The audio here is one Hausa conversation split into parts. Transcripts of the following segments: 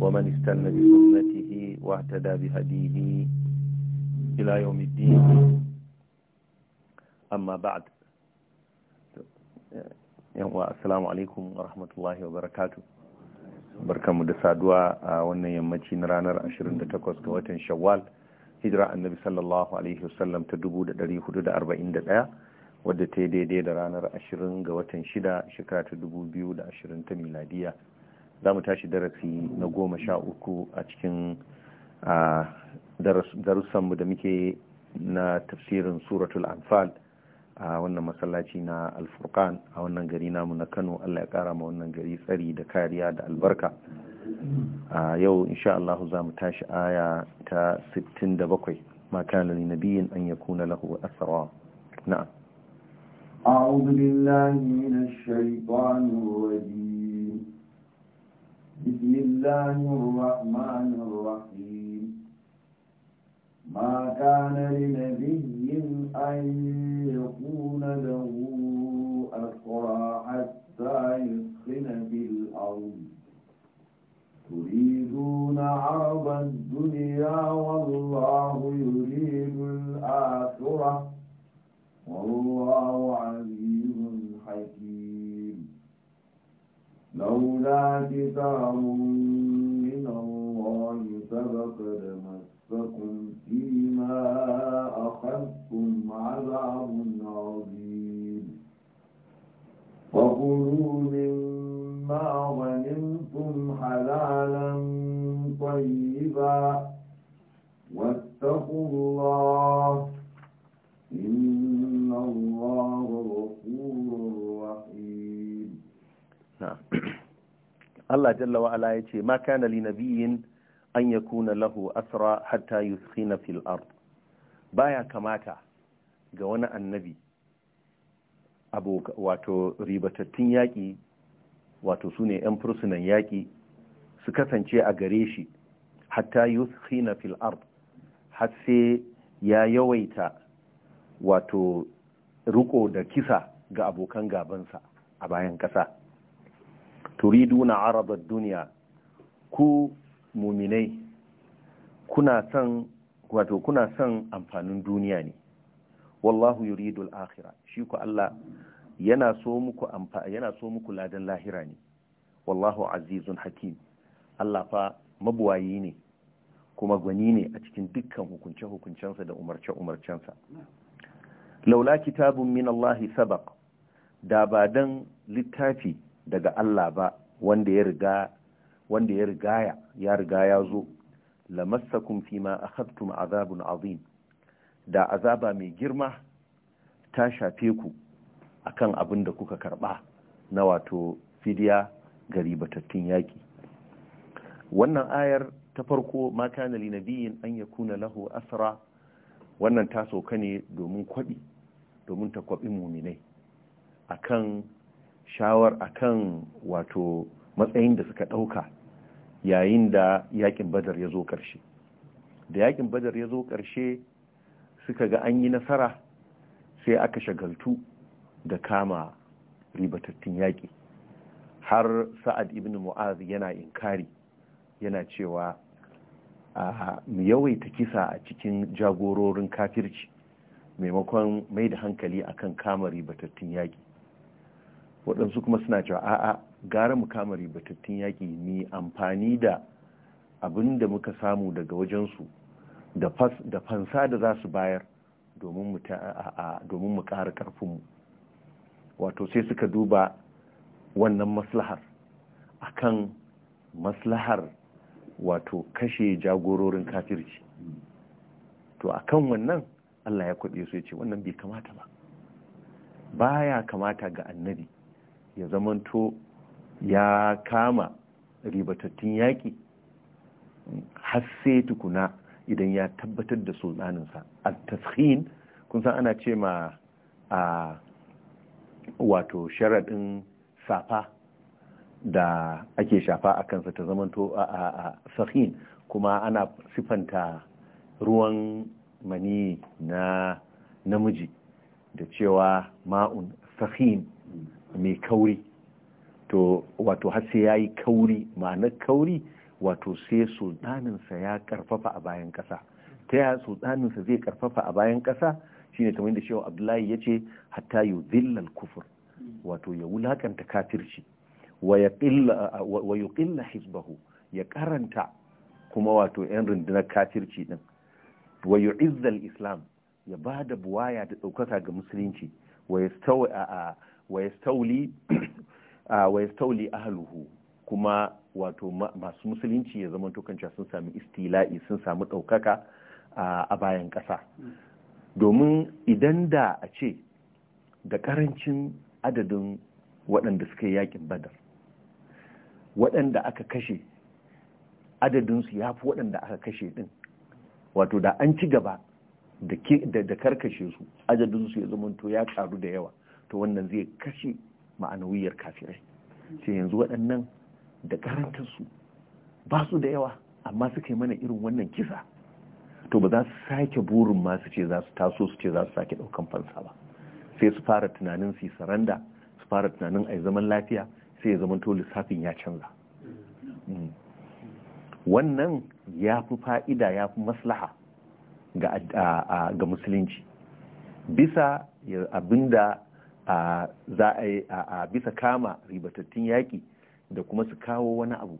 ومن استنى بسنته واهتدى بهديه إلى يوم الدين أما بعد السلام عليكم ورحمة الله وبركاته barkanmu da saduwa a wannan yammaci na ranar 28 ga watan shawwal hijira annabi sallallahu alaihi wasallam ta 1441 wadda ta yi daidai da ranar 20 ga watan 6 shekara ta 2020 ta miladiya za mu tashi darasi na goma sha uku a cikin darussanmu da muke na tafsirin suratul anfal a wannan masallaci na alfurkan a wannan gari namu na kano allah ya kara ma wannan gari tsari da kariya da albarka a yau insha allahu za mu tashi aya ta 67 ma kana lin nabiyyin an yakuna lahu tsawa na أعوذ بالله من الشيطان الرجيم بسم الله الرحمن الرحيم ما كان لنبي أن يكون له أسرى حتى يسخن في الأرض تريدون عرض الدنيا والله يريد الآخرة والله عزيز حكيم لولا كتاب من الله سبق لمسكم فيما أخذتم عذاب jalla wa ala yace ma kana li nabiyyin an yakuna lahu asra hatta yuskhina fil ard baya kamata ga wani annabi abu wato ribatattun yaki wato sune 'yan fursunan yaki, su kasance a gare shi hatta yuskhina fil ard har sai ya yawaita wato riko da kisa ga abokan gabansa a bayan kasa. turidu na arabar duniya ku muminai kuna son wato kuna son amfanin duniya ne wallahu yuridu al-akhirah shi ku Allah yana so muku yana so muku ladan lahira ne wallahu azizun hakim Allah fa mabuwayi ne kuma gwani ne a cikin dukkan hukunce-hukuncensa da umarce-umarcensa laula kitabun min Allah sabaq da ba littafi daga Allah ba wanda ya riga wanda ya rigaya ya riga ya zo lamassakum fima akhadtum azabun azim da azaba mai girma ta shafe ku akan abin da kuka karba na wato fidiya gari batattun yaki wannan ayar ta farko ma kana li nabiyin an yakuna lahu asra wannan ta sauka ne domin kwabi domin ta kwabi muminai akan shawar akan wato matsayin da suka ɗauka yayin da yakin badar ya zo ƙarshe da yakin badar ya zo ƙarshe suka ga an yi nasara sai aka shagaltu da kama ribatattun yaƙi har sa'ad ibn mu'az yana inkari yana cewa mu yawaita kisa a cikin jagororin kafirci maimakon mai da hankali akan kama ribatattun yaƙi waɗansu kuma suna cewa a'a gara mu kama ribatattun yaƙi ni amfani da abin da muka samu daga wajensu da fansa da za su bayar domin mu ƙara ƙarfinmu wato sai suka duba wannan maslahar akan maslahar wato kashe jagororin kafirci to akan wannan Allah ya kwaɗe su ya ce wannan bai kamata ba baya kamata ga annabi ya zamanto ya kama ribatattun yaƙi har sai tukuna idan ya tabbatar da sultaninsa a tashin kun san ana ce ma a wato sharaɗin safa da ake shafa a kansa ta zamanto a sahin kuma ana siffanta ruwan mani na namiji da cewa ma'un sahin mai kauri to wato har sai yi kauri ma'anar kauri wato sai sultaninsa ya karfafa a bayan kasa ta yaya sultaninsa zai karfafa a bayan ƙasa shine kamar da shehu abdullahi ya ce hatta yu zillal kufur wato ya wulakanta kafirci wa yuqilla hizbahu ya karanta kuma wato yan rundunar kafirci din wa yu'izzal islam ya ba da buwaya da ɗaukaka ga musulunci wa yastawi a Ah, wa yastauli ahluhu kuma wato masu musulunci ya zama tokanci sun sami istila'i sun sami ɗaukaka a bayan ƙasa domin idan da a ce da ƙarancin adadin waɗanda suka yi yakin badar waɗanda aka kashe adadinsu ya fi waɗanda aka kashe ɗin wato da an ci gaba da karkashe su adadinsu ya zama to ya ƙaru da yawa to wannan zai kashe ma'anawiyar kafirai sai yanzu waɗannan da karantarsu ba su da yawa amma suka yi mana irin wannan kisa to ba za su sake burin masu ce za su taso su ce za su sake ɗaukan fansa ba sai su fara tunanin su yi saranda su fara tunanin a zaman lafiya sai ya zamanto lissafin ya canza mm. wannan ya fi fa'ida ya fi maslaha ga musulunci bisa abinda za a yi a bisa kama ribatattun yaƙi da kuma su kawo wani abu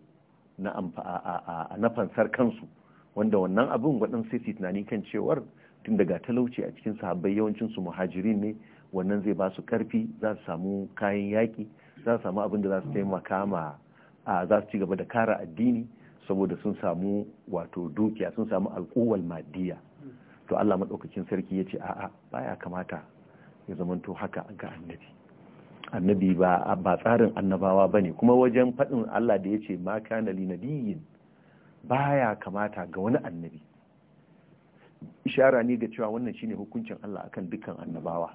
na fansar kansu wanda wannan abin waɗansu sai su tunani kan cewar tun daga talauci a cikin sahabbai yawancin su muhajirin ne wannan zai ba su karfi za su samu kayan yaƙi za su samu abin da za su taimaka ma za su ci gaba da kara addini saboda sun samu wato dukiya sun samu alƙuwal madiya to Allah maɗaukakin sarki ya ce a'a baya kamata ya zamanto haka ga annabi annabi ba tsarin annabawa ba ne kuma wajen faɗin Allah da yace ma kana li ba baya kamata ga wani annabi ishara ne ga cewa wannan shine hukuncin Allah akan dukkan annabawa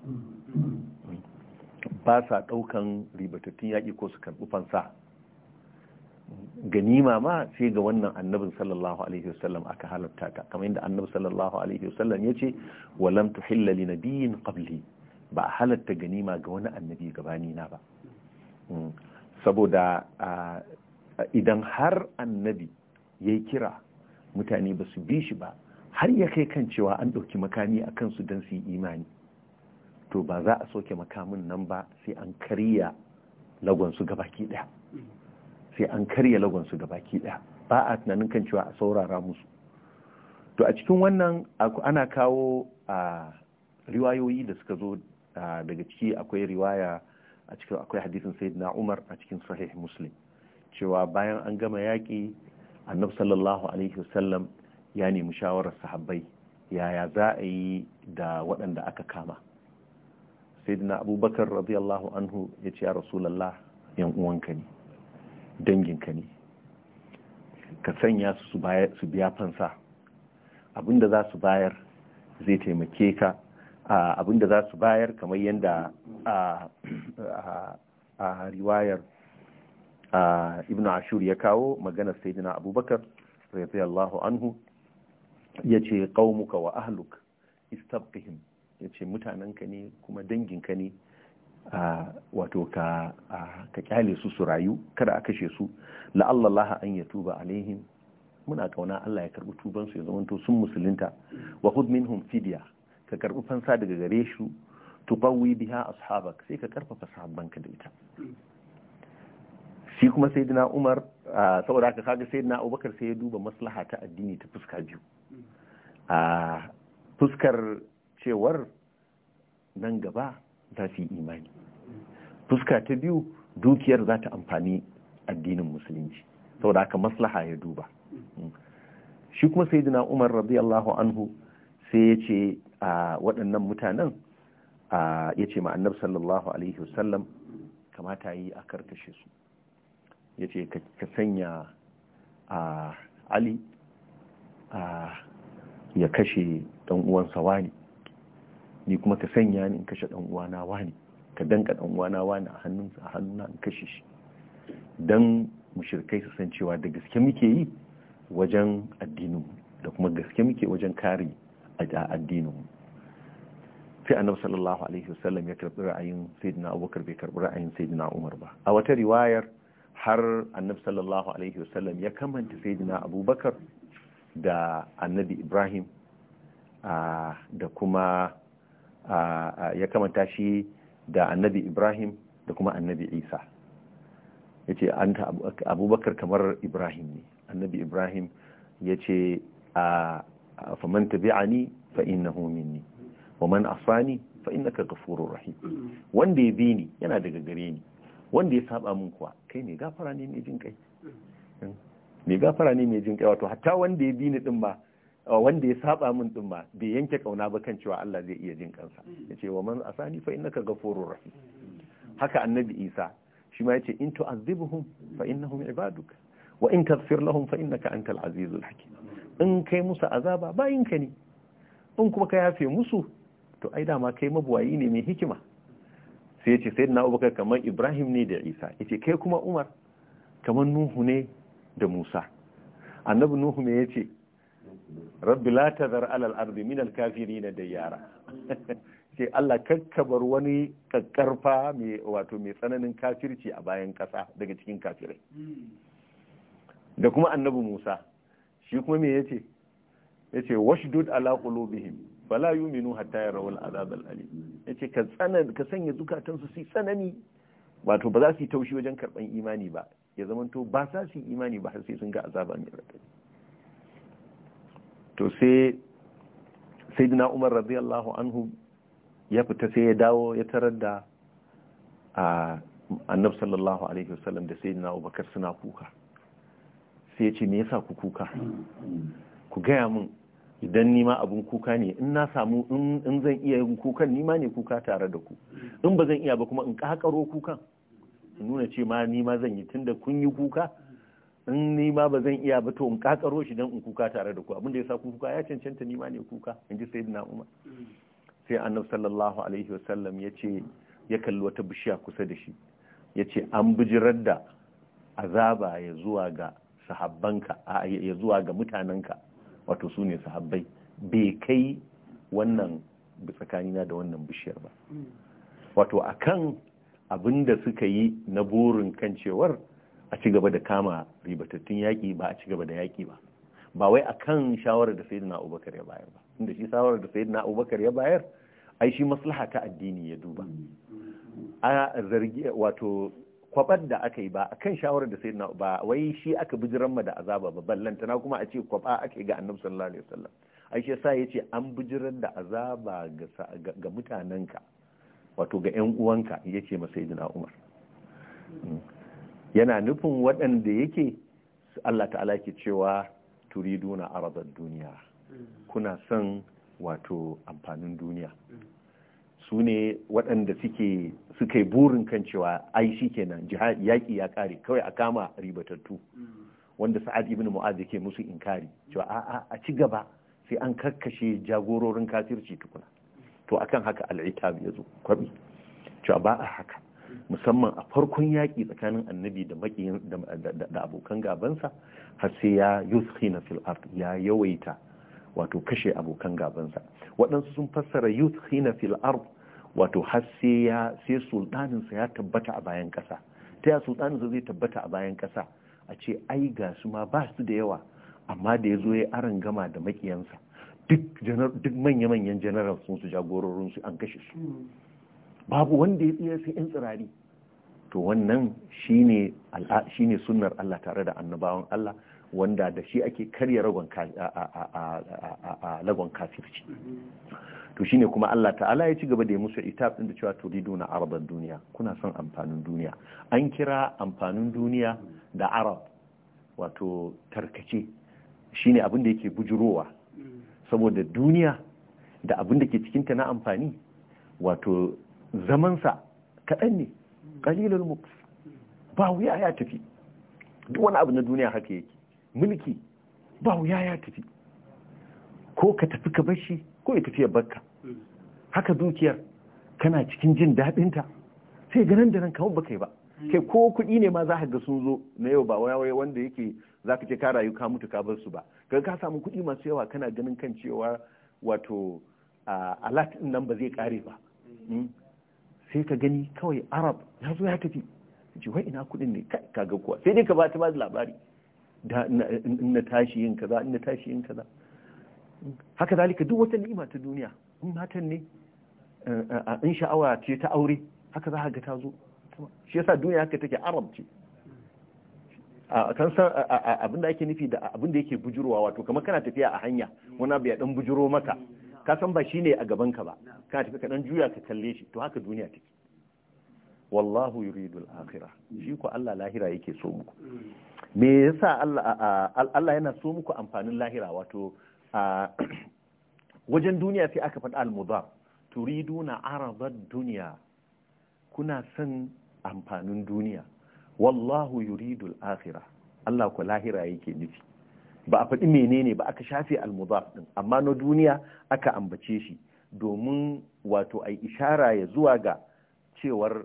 ba sa ɗaukan ribatattun yaki ko su karɓi fansa ganima ma sai ga wannan annabin sallallahu alaihi wasallam aka halatta ta kamar yadda annabi sallallahu alaihi wasallam ya ce walam tuhilla li qabli ba a halatta ganima ga wani annabi gabani na ba mm. saboda idan har annabi ya kira mutane ba su bi shi ba har ya kai kan cewa an ɗauki makami a kansu don su yi imani to ba za a soke makamin nan ba sai an karya lagonsu baki ɗaya sai an karya lagonsu gabaki ɗaya ba a tunanin kan cewa a saurara musu to a cikin wannan ana kawo riwayoyi da suka zo Ah, daga ciki akwai riwaya a cikin akwai hadisin sayyidina Umar a cikin sahih Muslim cewa bayan an gama yaƙi annab sallallahu alaihi wasallam ya nemi shawarar sahabbai yaya za a yi da waɗanda aka kama sayyidina abubakar radiyallahu anhu ya ce ya rasulallah yan uwanka ne danginka ne ka sanya su su biya fansa abinda za su bayar zai taimake ka abin da za su bayar kamar yadda a riwayar ibn ashur ya kawo maganar sayyidina abubakar radiyallahu anhu ya ce qaumuka wa ahluk istabqihim ya ce mutanenka ne kuma danginka ne wato ka kyale su su rayu kada a kashe su la'allallaha an ya tuba alaihim muna kauna Allah ya karbi tubansu ya zamanto sun musulunta wa hud minhum ka karbi fansa daga gare shi biya biha ashabak sai ka karfafa sahabbanka da ita shi kuma sayyidina Umar saboda haka kaga sayyidina Abubakar sai ya duba maslaha ta addini ta fuska biyu a fuskar cewar nan gaba za su imani fuska ta biyu dukiyar za ta amfani addinin musulunci saboda haka maslaha ya duba mm. shi kuma sayyidina Umar radiyallahu anhu sai ya ce waɗannan mutanen ya ce ma'annab sallallahu alaihi wasallam kamata yi a karkashe su ya ce ka sanya ali ya kashe ɗan'uwansa wani ni kuma ka sanya ni in kashe wa wani ka danka ɗan'uwana wani a hannunsa a hannuna in kashe shi don mushirkai su san cewa da gaske muke yi wajen addinin da kuma gaske muke wajen kare a addininmu sai annabi sallallahu alaihi wasallam ya karbi ra'ayin sayyidina abubakar bai karbi ra'ayin sayyidina umar ba a wata riwayar har annabi sallallahu alaihi wasallam ya kamanta sayyidina abubakar da annabi ibrahim da kuma ya kamanta shi da annabi ibrahim da kuma annabi isa ya ce abubakar kamar ibrahim ne annabi ibrahim ya ce a famanta bi'ani fa innahu minni wa man asani fa innaka ghafurur rahim wanda ya bi ni yana daga gare ni wanda ya saba min kuwa kai ne gafara ne mai jin kai hmm? mai gafara ne mai jin kai wato hatta wanda ya bi ni din ba uh, wanda ya saba min din ba bai yanke kauna ba kan cewa Allah zai iya jin kansa hmm. yace wa man asani fa innaka ghafurur rahim haka annabi Isa shi ma yace in tu'azibuhum fa innahum ibaduka wa in taghfir lahum fa innaka antal azizul hakim in kai musu azaba bayin ka ne in kuma ka yafe musu to ai dama kai mabuwayi ne mai hikima sai ce sai na abubakar kamar ibrahim ne da isa ita kai kuma umar kamar nuhu ne da musa annabi nuhu me yace rabbi la tazar alal arzi minal kafiri na da yara sai Allah kakkabar wani kakkarfa wato mai tsananin kafirci a bayan kasa daga cikin kafirai da kuma annabi Musa shi kuma me yace yace washdud ala qulubihim fala yuminu hatta yarawul azab al yace ka tsana ka sanya zukatan su tsanani wato ba za su yi taushi wajen karban imani ba ya zamanto ba sa su imani ba har sai sun ga azaba mai to sai sayyidina Umar radiyallahu anhu ya fita sai ya dawo ya tarar da annab sallallahu alaihi wasallam da sayyidina Abubakar suna kuka sai ya ce me yasa ku kuka ku gaya mun idan nima abin kuka ne in na samu in zan iya yin kukan nima ne kuka tare da ku in ba zan iya ba kuma in kakaro kukan in nuna ce ma nima zan yi tunda kun yi kuka in nima ba zan iya ba to in kakaro shi dan in kuka tare da ku abinda ya sa kuka ya cancanta nima ne kuka in ji sayyidina umar sai annabi sallallahu alaihi wasallam ya ce ya kalli wata bishiya kusa da shi ya ce an bijirar da azaba ya zuwa ga sahabbanka ya zuwa ga mutanenka wato su ne sahabbai bai kai wannan tsakanina da wannan bishiyar ba wato akan abin da suka yi na burin kan cewar a ci gaba da kama ribatattun yaƙi ba a ci gaba da yaƙi ba ba wai akan shawarar da sayidina abubakar ya bayar ba inda shi shawarar da sayidina abubakar ya bayar ai shi maslaha ta addini ya duba a zargi wato kwabar da aka yi ba a kan shawarar da sai ba wai shi aka bijiran ma da azaba ba ballantana kuma a ce kwaba aka yi ga annabi sallallahu alaihi wasallam ai shi yasa yace an bijirar da azaba ga ga mutananka wato ga ƴan uwanka yace ma sayyidina Umar hmm. yana nufin waɗanda yake Allah ta'ala ke cewa turiduna aradad duniya hmm. kuna son wato amfanin duniya hmm. su ne waɗanda suke burin kan cewa ai shi kenan jihadi yaƙi ya ƙare kawai a kama ribatattu wanda sa'ad ibn mu'az yake musu inkari cewa a'a a ci gaba sai an karkashe jagororin kafirci tukuna to akan haka al'itab ya zo kwabi cewa ba a haka musamman a farkon yaƙi tsakanin annabi da maƙiyin da abokan gabansa har sai ya yuskhina fil ard ya yawaita wato kashe abokan gabansa waɗansu sun fassara yuskhina fil ard wato har sai ya sai sultaninsa ya tabbata a bayan ƙasa ta ya sultaninsa zai tabbata a bayan ƙasa a ce ai ga su ma ba su da yawa amma da ya zo ya aran gama da makiyansa duk manya-manyan general sun su jagororin su an kashe su babu wanda ya tsira sai 'yan tsirari to wannan shine sunnar Allah tare da annabawan Allah wanda da shi ake karya lagon kafirci to shine kuma Allah ta'ala ya ci gaba da ya musu itab din da cewa turiduna araban duniya kuna son amfanin duniya an kira amfanin duniya da arab wato tarkace shine abin da yake bujurowa saboda duniya da abin da ke cikinta na amfani wato zamansa kaɗan ne ƙalilul muks ba wuya ya tafi duk wani abu na duniya haka yake mulki ba wuya ya tafi ko ka tafi ka bashi ko ya tafi ya barka haka dukiyar kana cikin jin daɗinta sai ganin da nan kawai baka yi ba kai ko kuɗi ne ma za ka ga sun zo na yau ba waya wanda yake za ka ce ka rayu ka mutu ka bar su ba ka ka samu kuɗi masu yawa kana ganin kan cewa wato alat ɗin nan ba zai ƙare ba hmm? sai ka gani kawai arab ya zo ya tafi ce wai ina kuɗin ne kaga kuwa sai dai ka ba ta ba labari in na tashi yin kaza in na tashi yin kaza haka zalika duk wata ni'ima ta duniya in matan ne eh, eh, in sha'awa ce ta aure haka za ga ta zo shi yasa duniya haka take arab ce kan san abin da ake nufi da abin da yake bujurowa wato kamar kana tafiya a hanya wani abu ya dan bujuro maka ka san ba shine a gaban ka ba kana tafi ka dan juya ka kalle shi to haka duniya take wallahu yuridu al-akhirah shi ko Allah lahira yake so muku me yasa Allah yana so muku amfanin lahira wato wajen duniya sai aka faɗa al-mudar turiduna aradad duniya kuna son amfanin duniya wallahu yuridul akhirah Allah ku lahira yake nufi ba a faɗi menene ba aka shafe al ɗin din amma na duniya aka ambace shi domin wato ai ishara ya zuwa ga cewar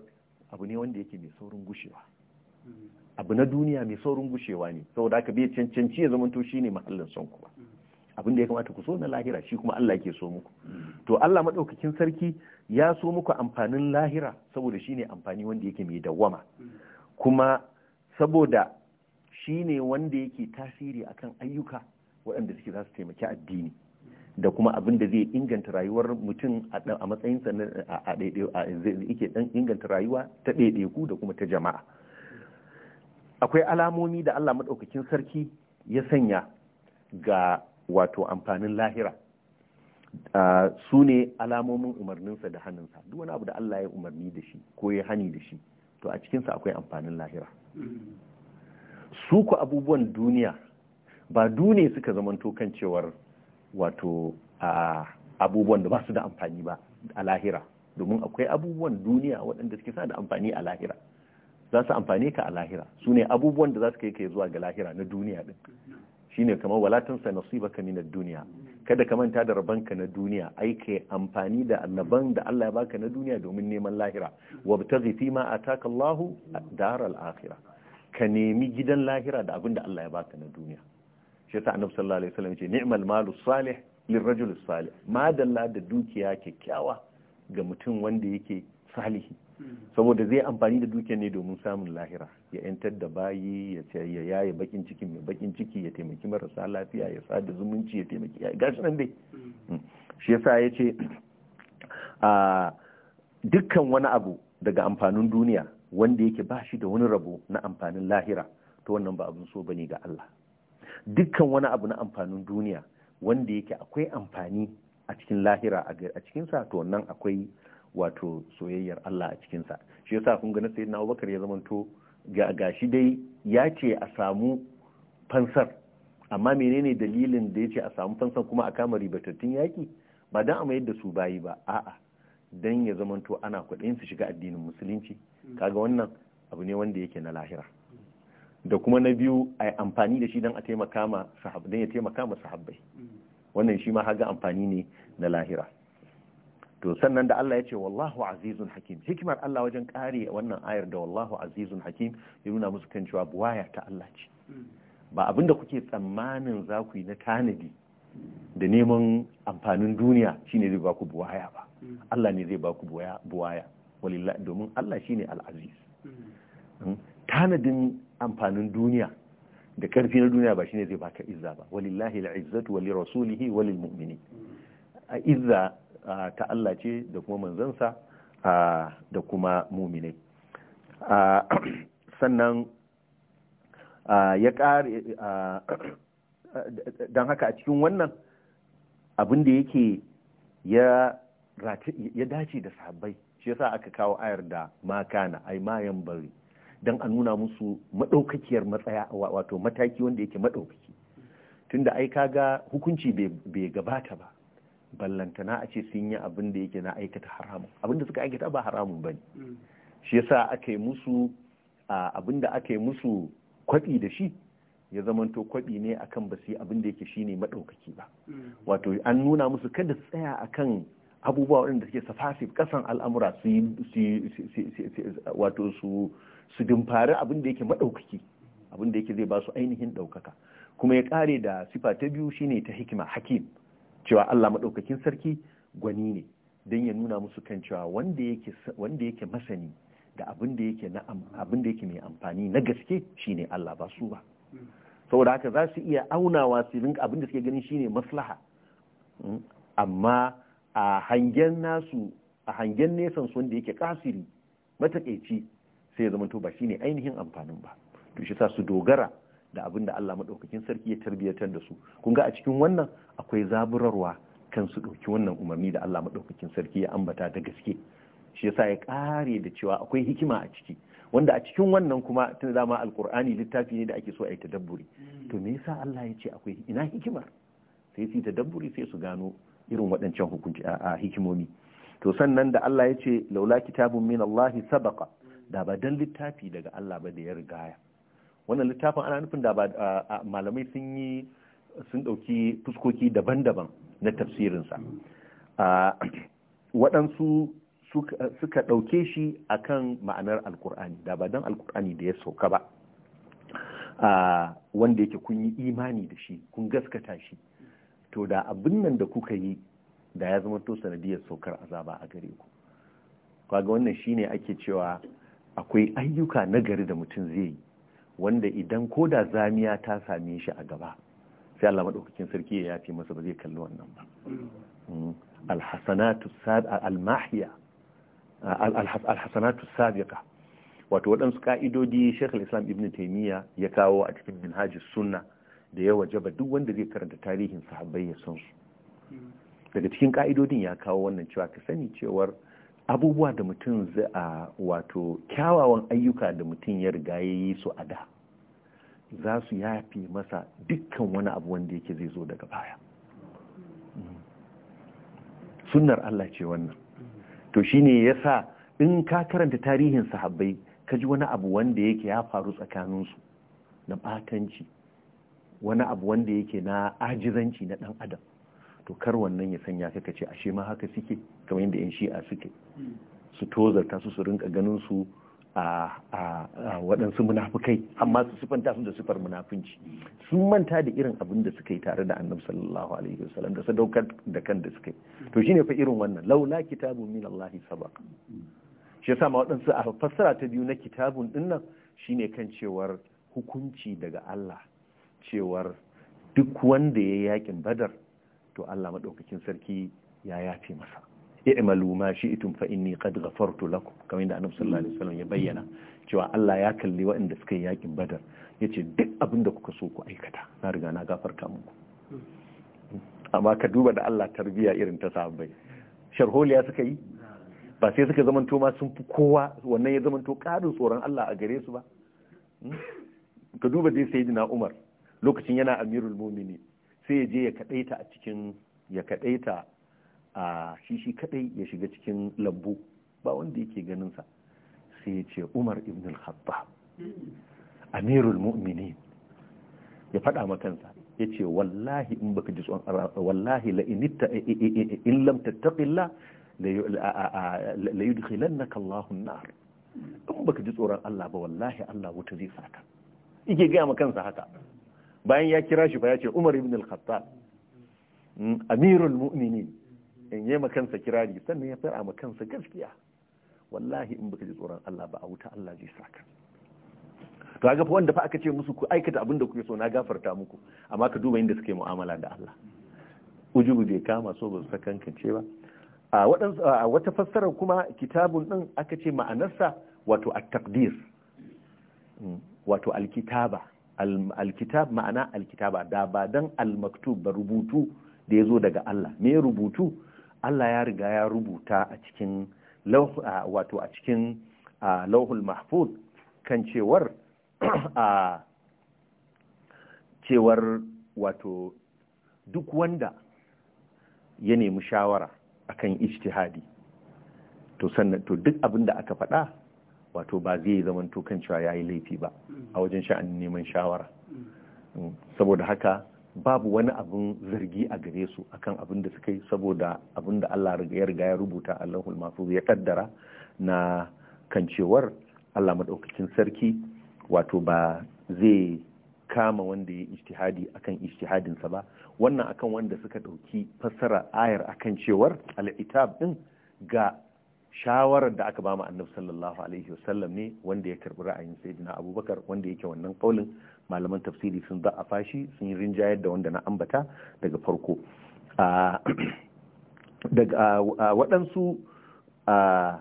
abu ne wanda yake mai saurin gushewa mm-hmm. abu na duniya mai saurin gushewa ne saboda haka bai cancanci ya zamanto ne mahallin son ku ba abin da ya kamata ku so na lahira shi kuma Allah ke so muku to Allah madaukakin sarki ya so muku amfanin lahira saboda shi ne amfani wanda yake mai dawwama kuma saboda shi ne wanda yake tasiri akan ayyuka waɗanda suke za su taimaki addini da kuma abin da zai inganta rayuwar mutum a matsayinsa a ɗaiɗe yake inganta rayuwa ta ɗaiɗaiku da kuma ta jama'a akwai alamomi da Allah maɗaukakin sarki ya sanya ga wato amfanin lahira su ne alamomin umarninsa da hannunsa duk wani abu da Allah ya umarni da shi ko ya hani da shi to a cikinsa akwai amfanin lahira su ku abubuwan duniya ba dune suka zamanto kan cewar wato abubuwan da ba su da amfani ba a lahira domin akwai abubuwan duniya waɗanda suke sa da amfani a lahira za su amfane ka a lahira su ne abubuwan da za su kai ka zuwa ga lahira na duniya din ne kamar walatan sa nasiba min na duniya. kada ka manta da rabon ka na duniya ai amfani da annaban da Allah ya baka na duniya domin neman lahira wabtaghi fi ma ataka Allahu daral akhirah ka nemi gidan lahira da abin da Allah ya baka na duniya shi ta annabi sallallahu alaihi wasallam ce ni'mal malu salih lirrajul salih madalla da dukiya kyakkyawa ga mutum wanda yake salihi saboda zai amfani da dukiyar ne domin samun lahira ya yantar da bayi ya ce ya yaye bakin ciki mai bakin ciki ya taimaki marasa lafiya ya sa da zumunci ya taimaki ya gashi nan dai mm. shi yasa ya ce a dukkan wani abu daga amfanin duniya wanda yake ba shi da wani rabo na amfanin lahira to wannan ba abin so bane ga Allah dukkan wani abu na amfanin duniya wanda yake akwai amfani a cikin lahira a sa to wannan akwai wato soyayyar Allah a cikinsa shi yasa kun ga na sayyidina Abubakar ya zamanto ga shi dai ya ce a samu fansar amma menene dalilin da ya ce a samu fansar kuma a kama ribatattun yaki ba dan a mayar da su bayi ba a'a dan ya zamanto ana kuɗin su shiga addinin musulunci kaga wannan abu ne wanda yake na lahira da kuma na biyu a amfani da shi don a taimaka ma don ya taimaka ma sahabbai wannan shi ma haga amfani ne na lahira to sannan da Allah ya ce wallahu azizun hakim hikimar Allah wajen kare wannan ayar da wallahu azizun hakim ya nuna musu kan cewa buwaya ta Allah ce ba abinda kuke tsammanin za ku yi na tanadi da neman amfanin duniya shine zai baku buwaya ba Allah ne zai baku buwaya walillahi domin Allah shine al-aziz hmm? tanadin amfanin duniya da karfi na duniya ba shine zai baka izza ba walillahi al-izzatu walirasulihi walilmu'minin izza ta Allah ce da kuma manzansa da kuma muminai sannan ya ƙare don haka a cikin wannan abin da yake ya dace da sabai shi yasa aka kawo ayar da makana ai mayan bari don a nuna musu maɗaukakiyar matsaya wato mataki wanda yake maɗaukaki tunda ai kaga hukunci bai gabata ba ballantana a ce sun yi abin da yake na aikata haramun abin da suka aikata ba haramun ba ne mm. shi yasa aka yi musu abin da aka yi musu kwaɗi da shi ya zamanto kwaɗi ne akan ba su yi abin da yake shine madaukaki ba mm. wato an nuna musu kada su tsaya akan abubuwa waɗanda suke safafi kasan al'amura su yi wato su dimfari abin da yake maɗaukaki abin da yake zai ba su ainihin ɗaukaka kuma ya kare da sifa ta biyu shine ta hikima hakim cewa Allah maɗaukakin sarki gwani ne don ya nuna musu kan cewa wanda yake masani da abin da yake mai amfani na gaske shine Allah ba su ba saboda haka za su iya aunawa su rinka abin da suke ganin shine maslaha hmm? amma a hangen nasu a hangen nesan su wanda yake kasiri matakaici sai ya zama to ba shine ainihin amfanin ba to shi sa su dogara da abin da Allah maɗaukakin sarki ya tarbiyatar da su kun ga a cikin wannan akwai zaburarwa kan su dauki wannan umarni da Allah madaukakin sarki ya ambata da gaske shi yasa ya kare da cewa akwai hikima a ciki wanda a cikin wannan kuma tun dama alkur'ani littafi ne da ake so a yi tadabburi mm. to me yasa Allah ya ce akwai ina hikimar sai su yi tadabburi sai su gano irin waɗancan hukunci a hikimomi to sannan da Allah ya ce laula kitabun min Allah sabaqa da ba dan littafi daga Allah ba da ya rigaya wannan littafin ana nufin da malamai sun yi sun ɗauki fuskoki daban-daban na tafsirinsa waɗansu suka ɗauke shi akan ma'anar alkur'ani da ba don alkur'ani da ya sauka ba wanda yake kun yi imani da shi kun gaskata shi to da abin nan da kuka yi da ya zama to sanadiyar saukar azaba a gare ku kaga wannan shine ake cewa akwai ayyuka nagari da mutum zai yi wanda idan ko da zamiya ta same shi a gaba sai Allah madaukakin sarki ya yafi masa ba zai kalli wannan ba mm. alhasanatu al alhasanatu sabiqa wato waɗansu ka'idodi Sheikh Islam Ibn Taymiya ya kawo a cikin Minhajus Sunna da ya wajaba duk wanda zai karanta tarihin sahabbai ya san su mm. daga cikin ka'idodin ya kawo wannan cewa ka sani cewar abubuwa da mutum a wato kyawawan ayyuka da mutum ya riga ya yi su a da za su yafi masa dukkan wani abu wanda yake zai zo daga baya mm-hmm. sunnar Allah ce wannan mm-hmm. to shine sa in ka karanta tarihin sahabbai ka ji wani abu wanda yake ya faru tsakaninsu na batanci wani abu wanda yake na ajizanci na dan adam to kar wannan ya sanya kaka ce ashe ma haka suke kamar yadda 'yan shi'a suke su tozarta su su rinka ganin su a waɗansu munafukai amma su sifanta su da sifar munafunci sun manta da irin abin da suka yi tare da annabi sallallahu alaihi wasallam da sadaukar da kan da suka yi to shine fa irin wannan laula kitabun min Allah sabaq shi yasa ma waɗansu a fassara ta biyu na kitabun dinnan shine kan cewar hukunci daga Allah cewar duk wanda ya yi yakin badar to Allah madaukakin sarki ya yafe masa i'malu ma shi'tum fa inni qad ghafartu lakum kamar yadda annabi sallallahu alaihi wasallam ya bayyana cewa Allah ya kalli waɗanda suka yi yakin badar yace duk abin da kuka so ku aikata na riga na gafarta muku amma ka duba da Allah tarbiya irin ta sahabbai sharholiya suka yi ba sai suka zamanto ma sun fi kowa wannan ya zamanto ƙarin tsoron Allah a gare su ba ka duba dai sayyidina Umar lokacin yana amirul mumini sai ya je ya kadaita a cikin ya kadaita a shi shi kadai ya shiga cikin lambu ba wanda yake ganin sa sai ya ce Umar ibn al-Khattab Amirul Mu'minin ya fada ma kansa ya ce wallahi in baka ji tsoron wallahi la initta in lam tattaqilla la yudkhilannaka Allahu an-nar in baka ji tsoron Allah ba wallahi Allah wuta zai saka yake ga ma kansa haka bayan ya kira shi fa ya ce Umar ibn al-Khattab hmm, amirul mu'minin in yi ma kansa kirari sannan ya fara ma kansa gaskiya wallahi in baka ji tsoron Allah ba a wuta Allah zai saka to ga fa wanda fa aka ce musu ku aikata abin da kuke so na gafarta muku amma ka duba inda suke mu'amala da Allah ujubu bai kama so ba su sakankance ba a waɗansu wata fassara kuma kitabun din aka ce ma'anarsa wato at-taqdir hmm, wato al alkitab ma'ana alkitaba. da ba dan al-maktub ba rubutu da ya zo daga Allah me rubutu Allah ya riga ya rubuta a cikin wato a cikin lauhul mahfuz kan cewar a cewar wato duk wanda ya nemi shawara akan ijtihadi to sannan to duk abin da aka faɗa wato ba zai zamanto kan cewa yi laifi ba a wajen sha'anin neman shawara mm. Mm. saboda haka babu wani abin zargi a gare su akan abin da suka yi saboda abin da Allah ya riga ya rubuta Allahul Mahfuz ya kaddara na kan cewar Allah madaukakin sarki wato ba zai kama wanda ya ijtihadi akan ijtihadinsa ba wannan akan wanda suka ɗauki fassara ayar akan cewar al-itab din ga shawarar da aka ba mu annabi sallallahu alaihi wasallam ne wanda ya karbi ra'ayin sayyidina abubakar wanda yake wannan kaulin malaman tafsiri sun za fashi sun yi rinjayar da wanda na ambata daga farko ah, daga ah, waɗansu ah,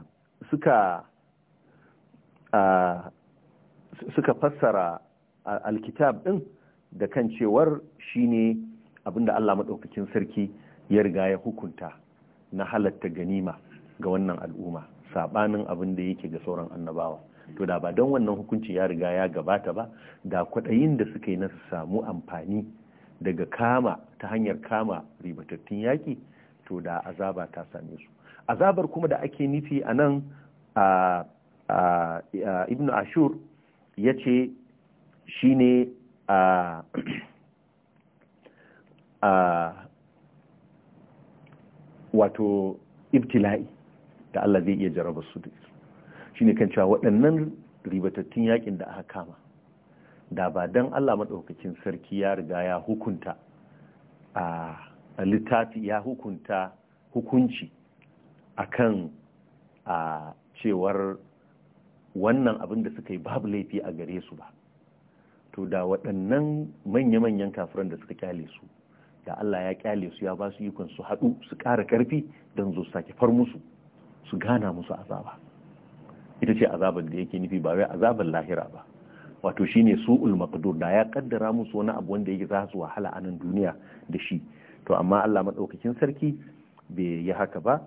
suka suka fassara alkitab ɗin da kan cewar shine abinda Allah maɗaukakin sarki ya riga ya hukunta na halatta ganima ga wannan al'umma sabanin abin da yake ga sauran annabawa to da ba don wannan hukunci ya riga ya gabata ba da kwaɗayin da suka yi na su samu amfani daga kama ta hanyar kama ribatattun yaƙi to da azaba ta same su azabar kuma da ake nufi a nan ibn ashur ya ce shi ne wato ibtila'i da Allah zai iya jaraba su da su ne kan cewa waɗannan ribatattun yakin da aka kama da ba don Allah maɗaukacin sarki ya riga ya hukunta a littafi ya hukunta hukunci kan a cewar wannan abin da suka yi babu laifi a gare su ba to da waɗannan manya-manyan kafiran da suka kyale su da Allah ya kyale su ya ba su ikon su haɗu su ƙara ƙarfi don zo sake far musu su gana musu azaba ita ce azabar da yake nufi ba wai azabar lahira ba wato shine su'ul maqdur da ya kaddara musu wani abu wanda yake za su wahala a nan duniya da shi to amma Allah madaukakin sarki bai yi haka ba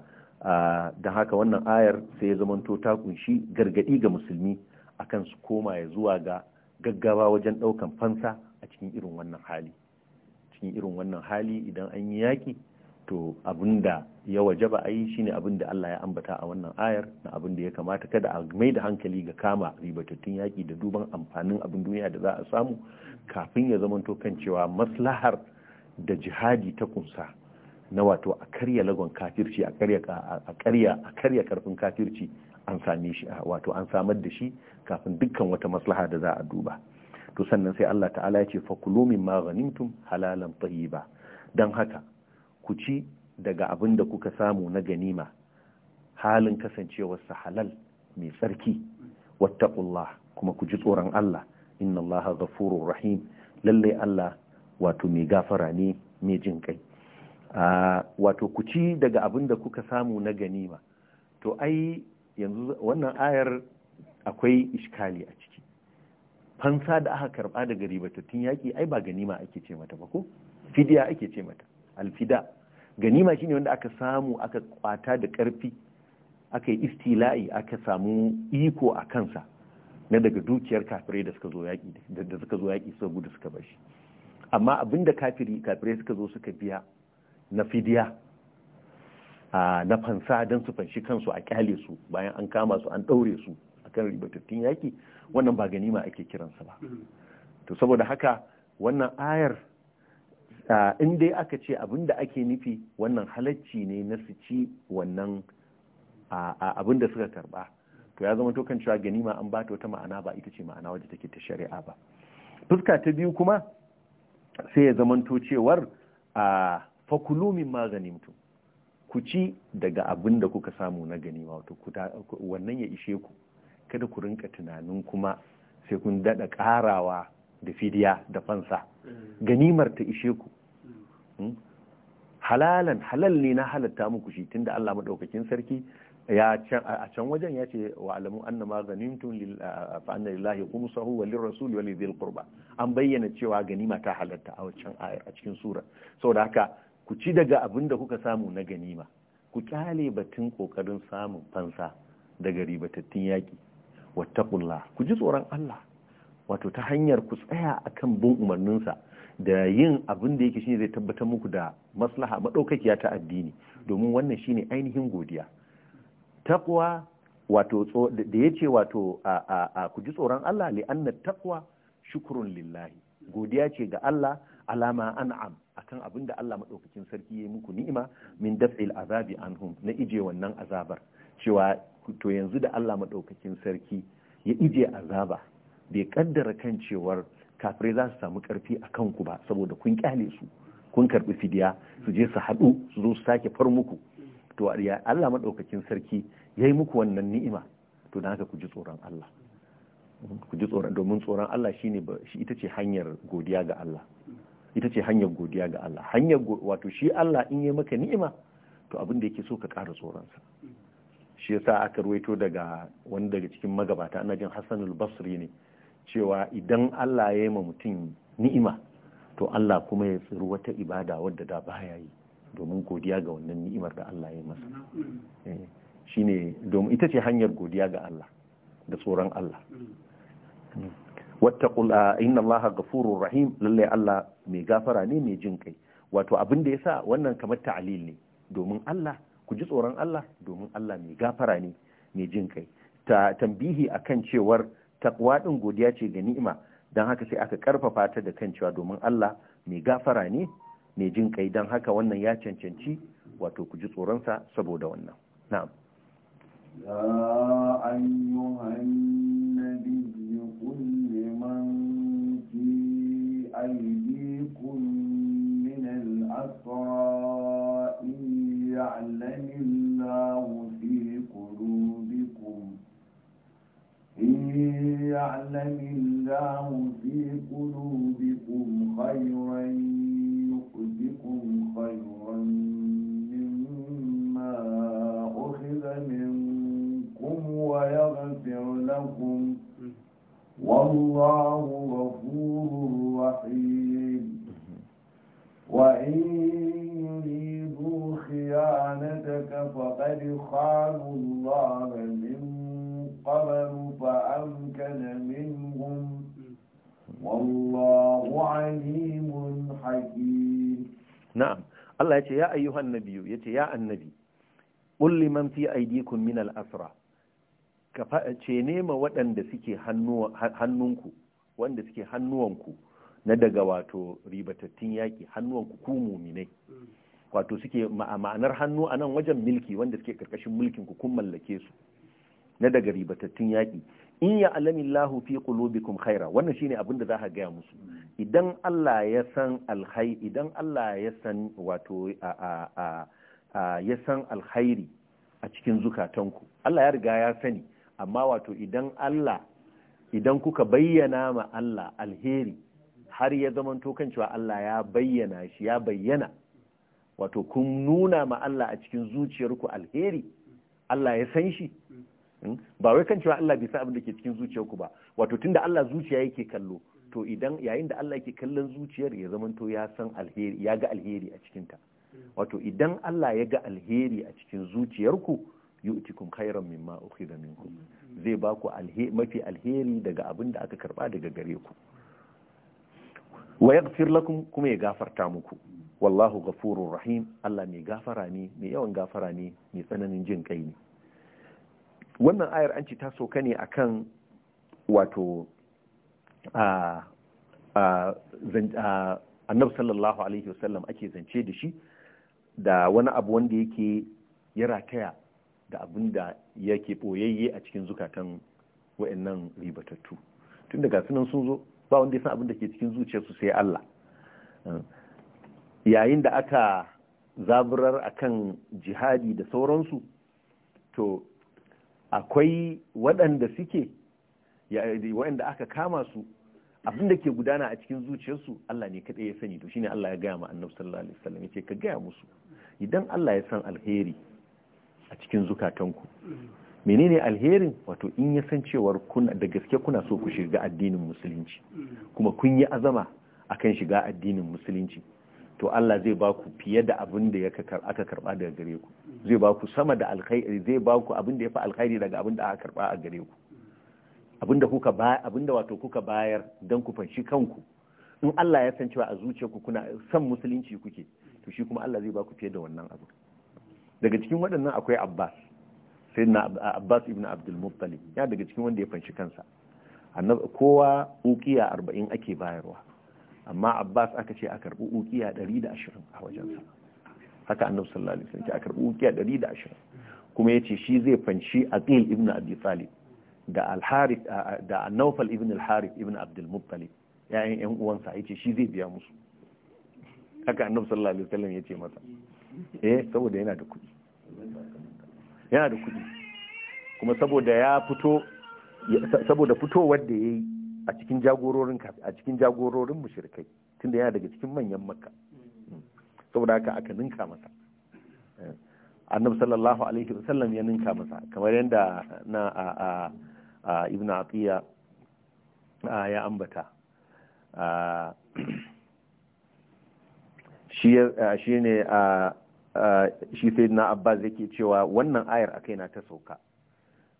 don haka wannan ayar sai ya zamanto ta kunshi gargadi ga musulmi akan su koma ya zuwa ga gaggawa wajen daukan fansa a cikin irin wannan hali cikin irin wannan hali idan an yi yaki to abinda ya wajaba a yi shine abinda Allah ya ambata a wannan ayar na abinda ya kamata kada a mai da hankali ga kama ribatattun yaƙi da duban amfanin abin duniya da za a samu kafin ya zamanto kan cewa maslahar da jihadi ta kunsa na wato a karya lagon kafirci a karya karfin kafirci an same shi wato an samar da shi kafin dukkan wata maslaha da za a duba to sannan sai Allah ta'ala ya ce fakulu min ma halalan tayyiba dan haka ku ci daga abin da kuka samu na ganima halin kasancewarsa halal mai tsarki wattaqullah kuma ku ji tsoron Allah inna Allah ghafurur rahim lalle Allah wato mai gafara ne mai jin kai wato ku ci daga abin da kuka samu na ganima to ai yanzu wannan ayar akwai iskali a ciki fansa da aka karba daga ribatattun yaki ai ba ganima ake ce mata ba ko fidiya ake ce mata alfida ganima shine wanda aka samu aka kwata da karfi aka yi istila'i aka samu iko a kansa na daga dukiyar kafirai da suka zo yaƙi suka gudu suka bashi amma abinda kafiri kafirai suka zo suka biya na fidiya na fansa don su fanshi kansu a kyale su bayan an kama su an ɗaure su a akan ribatattun yaƙi wannan ba ganima ake kiransa ba mm-hmm. to saboda haka wannan ayar Ah, in dai aka ce abin da ake nufi wannan halacci ne na su ci wannan ah, ah, abin da suka karba to ya zama tokan cewa ganima an bata wata ma'ana ba ita ce ma'ana wadda take ta shari'a ba fuska ta biyu kuma sai ya zamanto cewar a fakulumin mutum ku ci daga abin da kuka samu na ganima wato wannan ya ishe ku kada ku rinka tunanin kuma sai kun daɗa ƙarawa da fidiya da fansa mm. ganimar ta ishe ku Hmm? halalan halal ne na halatta muku shi tunda Allah madaukakin sarki ya a can wajen ya ce wa alamu anna ma ghanimtum lil fa lillahi khumsahu wa lirrasuli wa lidhil qurba an bayyana cewa ganima ta halatta a wancan ayar a cikin sura saboda haka ku ci daga abin da kuka samu na ganima ku kyale batun kokarin samun fansa daga ribatattun yaki wattaqullah ku ji tsoron Allah wato ta hanyar ku tsaya akan bin umarninsa da yin abin da yake shine zai tabbatar muku da maslaha maɗaukakiya ta addini domin wannan shine ainihin godiya takwa wato da yace wato a ku ji tsoron Allah li anna takwa shukrun lillahi godiya ce ga Allah alama an'am akan abin da Allah maɗaukakin sarki ya yi muku ni'ima min daf'il azabi anhum na ije wannan azabar cewa to yanzu da Allah maɗaukakin sarki ya ije azaba bai kaddara kan cewar kafirai za su samu karfi a kanku ba saboda kun kyale su kun karbi fidiya su je su haɗu su zo su sake far muku to ya Allah madaukakin sarki yayi muku wannan ni'ima to dan haka ku ji tsoron Allah ku ji tsoron domin tsoron Allah shine shi ita ce hanyar godiya ga Allah ita ce hanyar godiya ga Allah hanyar wato shi Allah in yayi maka ni'ima to abin da yake so ka ƙara tsoronsa shi yasa aka ruwaito daga wani daga cikin magabata ana jin Hassan al-Basri ne cewa idan Allah ya yi ma mutum ni'ima to Allah kuma ya tsiri wata ibada wadda da ba ya yi domin godiya ga wannan ni'imar da Allah ya yi masa eh, shine domin ita ce hanyar godiya ga Allah da tsoron Allah wattaqul ah, inna Allah furu rahim lallai Allah mai gafara ne mai jin kai wato abin da ya sa wannan kamar ta'alil ne domin Allah ku ji tsoron Allah domin Allah mai gafara ne mai jin kai ta tambihi akan cewar takwa ɗin godiya ce ga ni'ima don haka sai aka ƙarfafa ta da kan cewa domin Allah mai gafara ne mai jin kai don haka wannan ya cancanci wato ku ji tsoronsa saboda wannan na'am ya ayyuhan nabiyyu fi يعلم الله في قلوبكم خيرا يخزكم خيرا مما أخذ منكم ويغفر لكم والله غفور رحيم وإن يريدوا خيانتك فقد خالوا الله من صبروا فأمكن منهم والله عليم حكيم نعم الله يتي يا أيها النبي يتي يا النبي قل لمن في أيديكم من الأسرى ce nema waɗanda suke hannunku wanda suke hannuwanku na daga wato ribatattun yaƙi hannuwanku ku muminai wato suke ma'anar hannu a nan wajen milki wanda suke ƙarƙashin mulkin ku kun mallake su na daga ribatattun yaƙi in ya alamillahu fi qulubikum khaira wannan shine abin da za ka gaya musu idan Allah ya san alhai idan Allah ya san wato a ya san alkhairi a cikin zukatanku Allah ya riga ya sani amma wato idan Allah idan kuka bayyana ma Allah alheri har ya zamanto kan cewa Allah ya bayyana shi ya bayyana wato kun nuna ma Allah a cikin zuciyarku alheri Allah ya san shi Hmm? ba wai kan cewa Allah bai san abin da ke cikin zuciyarku ba wato tunda Allah zuciya yake kallo to idan yayin da Allah yake kallon zuciyar ya zamanto ya san alheri ya ga alheri a cikin ta wato idan Allah ya ga alheri a cikin zuciyarku yu'tikum khairan mimma ukhidha minkum zai ba ku mafi alheri daga abin da aka karba daga gare ku wa yaghfir lakum kuma ya gafarta muku wallahu ghafurur rahim Allah mai gafara ne mai yawan gafara ne mai tsananin jin kai ne wannan ayar an ci ta sauka ne akan wato a annabi sallallahu alaihi wasallam ake zance da shi da wani abu wanda yake ya rataya da abin da yake ɓoyayye a cikin zukatan wa'annan ribatattu tun daga sunan sun zo ba wanda ya san abin da ke cikin zuciyarsu sai Allah yayin da aka zaburar akan jihadi da sauransu to akwai waɗanda suke waɗanda aka kama su abin da ke gudana a cikin zuciyarsu Allah ne kaɗai ya sani to shine Allah ya gaya ma annabi sallallahu alaihi wasallam yace ka gaya musu idan Allah ya san alheri a cikin zukatanku menene alherin wato in ya san cewa kuna da gaske kuna so ku shiga addinin musulunci kuma kun yi azama akan shiga addinin musulunci to Allah zai ba ku fiye da abin da aka karba daga gare ku zai ba ku sama da alkhairi zai ba ku abin da ya fi alkhairi daga abin da aka karba a gare ku abin da kuka ba abin da wato kuka bayar dan ku fanshi kanku in Allah ya san cewa a zuciyarku kuna san musulunci kuke to shi kuma Allah zai ba ku fiye da wannan abu daga cikin waɗannan akwai Abbas sayyidina Abbas ibn Abdul Muttalib ya daga cikin wanda ya fanshi kansa kowa ukiya 40 ake bayarwa amma abbas aka ce a karɓi ukiya 120 a wajensa haka annabi sallallahu alaihi wasallam a karɓi ukiya 120 kuma yace shi zai fanshi aqil ibn abi talib da al-harith da an-nawfal ibn al-harith ibn abd al-muttalib yayin yan uwansa yace shi zai biya musu haka annabi sallallahu alaihi wasallam yace masa eh saboda yana da kuɗi yana da kuɗi kuma saboda ya fito saboda fitowar da yayi a cikin jagororin a cikin jagororin mushrikai tunda yana daga cikin manyan makka mm. saboda haka aka ninka masa eh. annabi sallallahu alaihi wasallam ya ninka masa kamar yadda na a a ibnu atiya ya ambata shi ne shi sai na abbas yake cewa wannan ayar a na ta sauka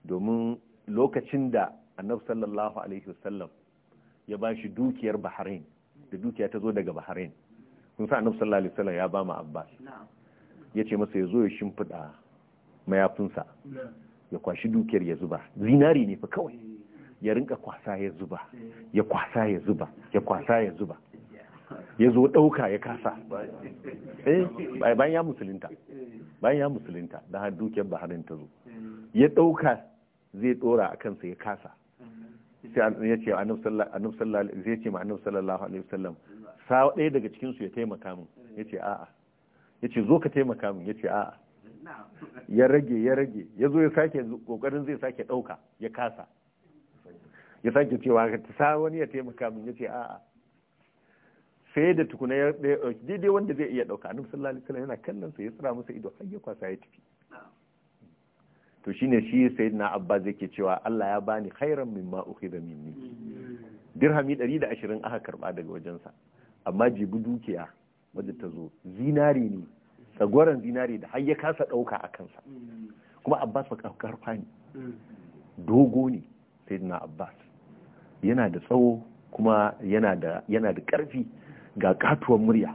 domin lokacin da annabi sallallahu alaihi wasallam ya ba shi dukiyar bahrain da dukiya ta zo daga bahrain kun sa annabi sallallahu alaihi wasallam ya ba mu abbas ya ce masa ya zo ya shimfiɗa mayafinsa ya kwashi dukiyar ya zuba zinari ne fa kawai eh. ya rinka kwasa ya zuba eh. ya kwasa ya zuba ya kwasa ya zuba ya zo ɗauka ya kasa eh. bayan ya musulunta bayan ya musulunta da dukiyar baharin ta zo ya ɗauka zai ɗora a kansa ya kasa ya ce annabi sallallahu alaihi wasallam sa ɗaya daga cikin su ya taimaka min yace a'a yace zo ka taimaka min yace a'a ya rage ya rage ya zo ya sake kokarin zai sake ɗauka ya kasa ya sake cewa ka sa wani ya taimaka min yace a'a sai da tukuna ya ɗauki daidai wanda zai iya ɗauka annabi sallallahu alaihi wasallam yana kallon sa ya tsira masa ido har ya kwasa ya tafi to shine shi sayyidina abbas yake cewa Allah ya bani khairan mimma da minni dirhami 120 aka karba daga wajensa amma jibi dukiya wajen ta zo zinari ne tsagoran zinari da har ya kasa ɗauka a kansa kuma abbas ba karfa ne dogo ne sayyidina abbas yana da tsawo kuma yana da yana da karfi ga katuwar murya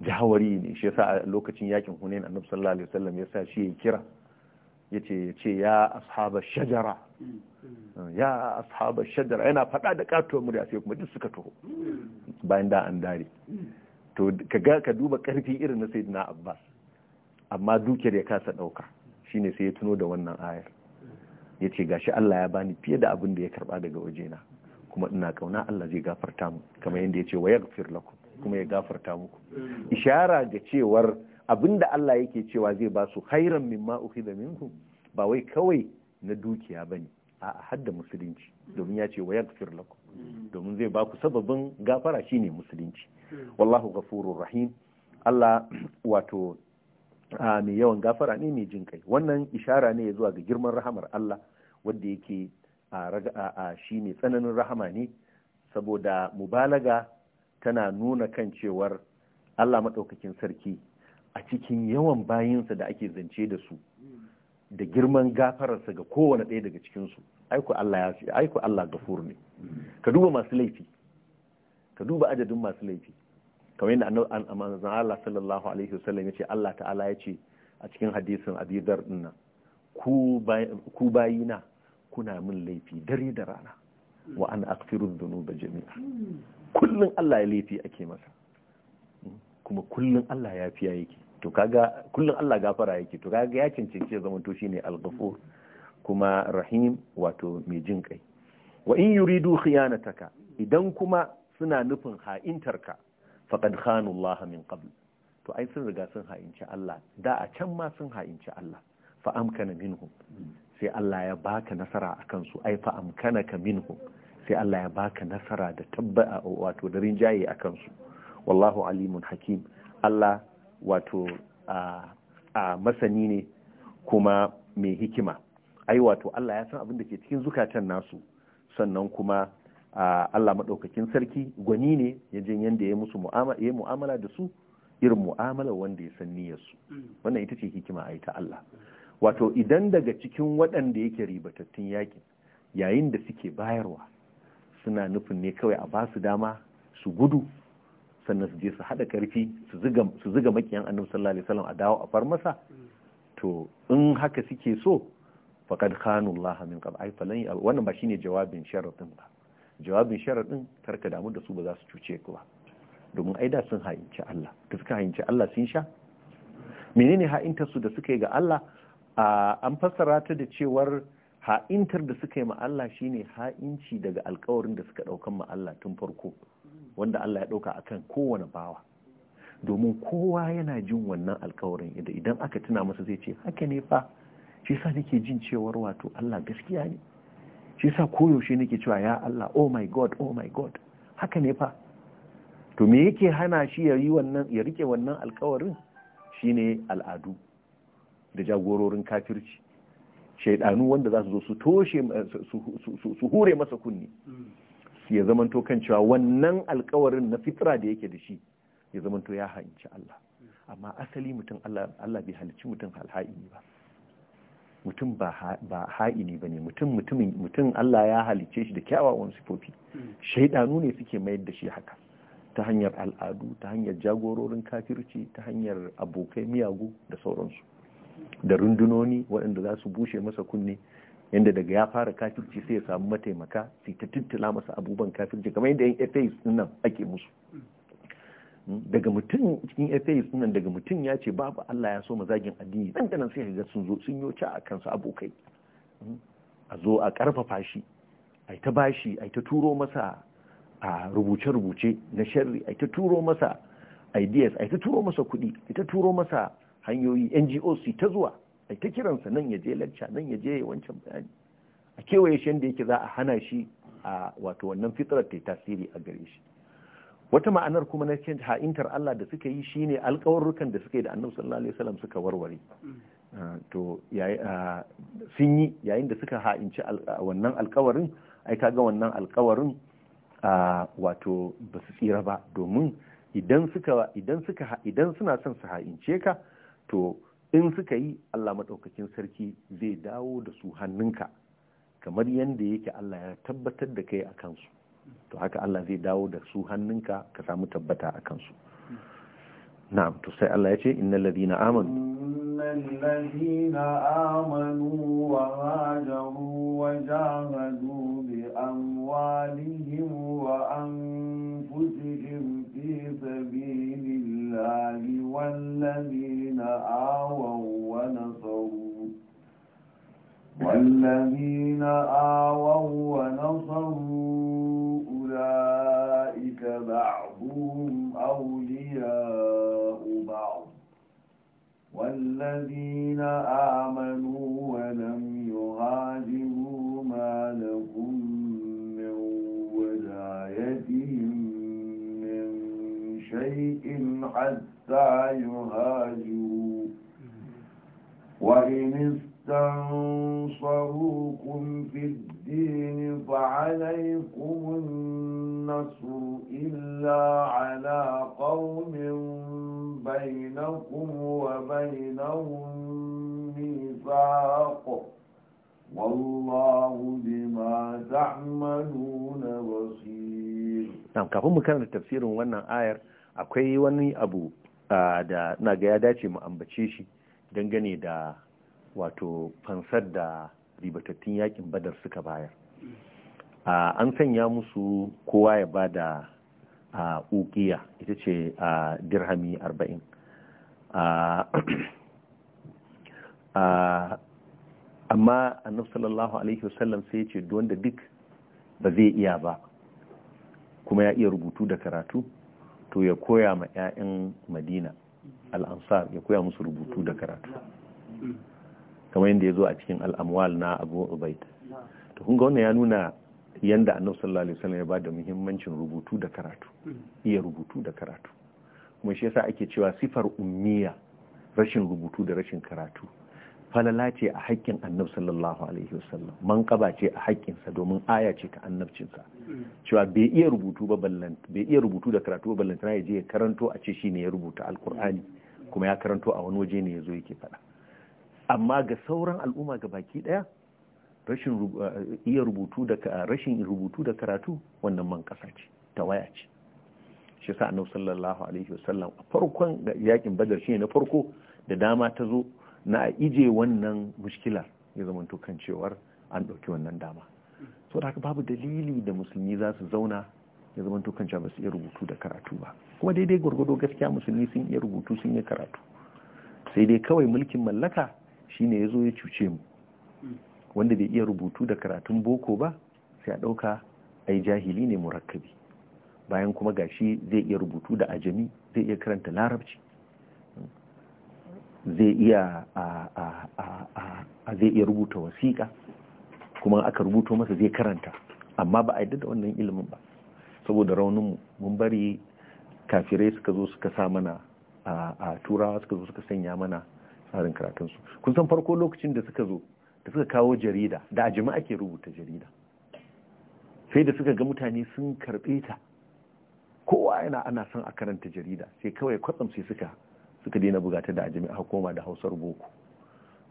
jahawari ne shi yasa lokacin yakin hunain annabi sallallahu alaihi wasallam yasa shi ya kira yace yace ya ashaba shajara mm. ya ashaba shajara yana faɗa da katuwar murya sai kuma duk suka taho mm. bayan da an dare mm. to kaga ka duba karfi irin na sayyidina abbas amma dukiyar ya kasa ɗauka shine sai ya tuno da wannan ayar yace gashi Allah ya bani fiye da abin da ya karba daga wajena kuma ina kauna Allah zai gafarta mu kamar yadda yace wa yaghfir lakum kuma ya gafarta muku ishara ga cewar Abin da Allah yake cewa zai ba su khairan mimma da minku ba wai kawai na dukiya ba ne a hadda musulunci domin ya ce wa yaghfir lakum domin zai ba ku sababin gafara shine musulunci wallahu ghafurur rahim Allah wato mai yawan gafara ne mai jin kai wannan ishara ne zuwa ga girman rahamar Allah wanda yake a shi ne tsananin rahama ne saboda mubalaga tana nuna kan cewar Allah maɗaukakin sarki a cikin yawan bayinsa da ake zance da su da girman gafararsa ga kowane ɗaya daga cikinsu aiku Allah ya fi aiku Allah ga ne ka duba masu laifi ka duba adadin masu laifi kamar yadda annabi Allah sallallahu alaihi wasallam ya ce Allah ta'ala ya ce a cikin hadisin abidar dinna ku bayina kuna min laifi dare da rana wa an aghfiru dhunuba jami'a Kullum Allah ya laifi ake masa kuma kullum Allah ya fiya yake to kaga kullum Allah gafara yake to kaga ya cancanci ya zama to shine al-ghafur kuma rahim wato mai jin kai wa in yuridu khiyanataka idan kuma suna nufin ha'intarka faqad khanu Allah min qabl to ai sun riga sun ha'inci Allah da a can ma sun ha'inci Allah fa amkana minhum sai Allah ya baka nasara akan su ai fa amkana ka minhum sai Allah ya baka nasara da tabba'a wato da rinjaye akan su wallahu alimun hakim Allah wato a masani ne kuma mai hikima ai wato Allah ya san abin da ke cikin zukatan nasu sannan kuma Allah maɗaukakin sarki gwani ne ya jin yadda ya musu mu'amala da su irin mu'amala wanda ya san su. wannan ita ce hikima ai ta Allah wato idan daga cikin waɗanda yake ribatattun yakin yayin da suke bayarwa suna nufin ne kawai a basu dama su gudu sannan su je su haɗa karfi su ziga makiyan annabi sallallahu alaihi wasallam a dawo a far masa to in haka suke so faqad khanu Allah min qab ai falan wannan ba shine jawabin sharadin ba jawabin sharadin karka damu da su ba za su cuce ku ba domin aida sun hainci Allah da suka hainci Allah sun sha menene ha'intar su da suka yi ga Allah an fassara ta da cewar ha'intar da suka yi ma Allah shine ha'inci daga alkawarin da suka daukan ma Allah tun farko wanda Allah ya ɗauka akan kowane bawa domin kowa yana jin wannan alkawarin idan aka tuna masa zai ce haka ne fa shi sa nake jin cewar wato Allah gaskiya ne shi sa koyaushe nake cewa ya Allah oh my god oh my god haka ne fa to me yake hana shi ya yi wannan ya rike wannan alkawarin shine al'adu da jagororin kafirci shaidanu wanda za su zo su toshe su hure masa kunni mm. ya zamanto kan cewa wannan alkawarin na fitra da yake da shi ya zamanto ya hanci Allah amma asali mutum Allah bai halicci mutum halha'ini ba mutum ba ha'ini ba ne mutum Allah ya halicce shi da kyawawan sifofi shaidanu ne suke mayar da shi haka ta hanyar al'adu ta hanyar jagororin kafirci ta hanyar abokai miyagu da sauransu da rundunoni waɗanda za su bushe masa kunne yadda daga ya fara kafirci sai ya samu mataimaka sai ta tuntula masa abubuwan kafirci kamar yadda yan fas nan ake musu hmm, daga mutum cikin fas nan daga mutum ya ce babu allah ya so mazagin addini dan nan sai ga sun zo sun yoca a kansu abokai hmm, a zo a karfafa shi ai ta bashi ai ta turo masa a rubuce-rubuce na sharri ai ta turo masa ideas ai ta turo masa kuɗi ai ta turo masa hanyoyi ngo su ta zuwa a ta kiransa nan ya je lacca nan ya je wancan bayani a kewaye shi da yake za a hana shi a wato wannan fitrar ta tasiri a gare shi wata ma'anar kuma na cikin ha'intar Allah da suka yi shi ne alƙawarrukan da suka yi da annabi sallallahu alaihi wasallam suka warware mm. ah, to ah, sun yi yayin da suka ha'inci ah, wannan alƙawarin ai kaga wannan alƙawarin wato ba su tsira ba domin idan suka idan suka idan suna son su ha'ince ka to in suka yi Allah maɗaukakin sarki zai dawo da su hannunka kamar yadda yake Allah ya tabbatar da kai a kansu to haka Allah zai dawo da su hannunka ka samu tabbata a kansu na'am to sai Allah ya ce innal ladina amanu الذين آمنوا وهاجروا وجاهدوا بأموالهم وأنفسهم في سبيل الله والذين آووا ونصروا والذين آووا ونصروا أولئك بعضهم أولياء بعض والذين آمنوا ولم شيء حتى يهاجروا وإن استنصروكم في الدين فعليكم النصر إلا على قوم بينكم وبينهم ميثاق والله بما تعملون بصير نعم كفهم كان التفسير أن آير akwai wani abu da na ga ya dace mu ambace shi dangane da wato fansar da ribatattun yakin badar suka bayar an sanya musu kowa ya ba da ukiya ita ce dirhami arba'in amma annabi sallallahu alaihi wasallam sai ya ce duk ba zai iya ba kuma ya iya rubutu da karatu to ya koya ma 'ya'yan madina al'ansar ya koya musu rubutu da karatu kamar yadda ya zo a cikin al'amwal na abu ubaid to kun ga wannan ya nuna yadda annabi sallallahu alaihi wasallam ya bada muhimmancin rubutu da karatu iya rubutu da karatu kuma shi yasa ake cewa sifar ummiya rashin rubutu da rashin karatu falala ce a haƙƙin annab sallallahu alaihi wasallam man kaba ce a haƙƙinsa domin aya ce ta annabcinsa cewa bai iya rubutu ba bai iya rubutu da karatu ba ballanta ya je ya karanto a ce shi ne ya rubuta alkur'ani kuma ya karanto a wani waje ne ya zo yake faɗa amma ga sauran al'umma ga baki ɗaya rashin eh, iya rubutu da rashin rubutu da karatu wannan man kasa ce tawaya ce shi sa annabi sallallahu alaihi wasallam a farkon yakin badar shine na farko da dama ta zo na a ije wannan mushkilar ya zama tukan cewar an ɗauki wannan dama so da haka babu dalili da musulmi za su zauna ya zama tukan cewa ba su iya rubutu da karatu ba kuma daidai gwargwado gaskiya musulmi sun iya rubutu sun iya karatu sai dai kawai mulkin mallaka shine ya zo ya cuce mu wanda bai iya rubutu da karatun boko ba sai a ɗauka ai jahili ne murakkabi bayan kuma gashi zai iya rubutu da ajami zai iya karanta larabci zai iya zai iya rubuta wasiƙa kuma aka rubuto masa zai karanta amma ba a yi da wannan ilimin ba saboda raunin mun bari kafirai suka zo suka sa mana a turawa suka zo suka sanya mana tsarin karatunsu kun san farko lokacin da suka zo da suka kawo jarida da a jima'a ke rubuta jarida sai da suka ga mutane sun karɓe ta kowa yana ana son a karanta jarida sai kawai kwatsam sai suka suka daina bugata da ajami aka koma da hausar boko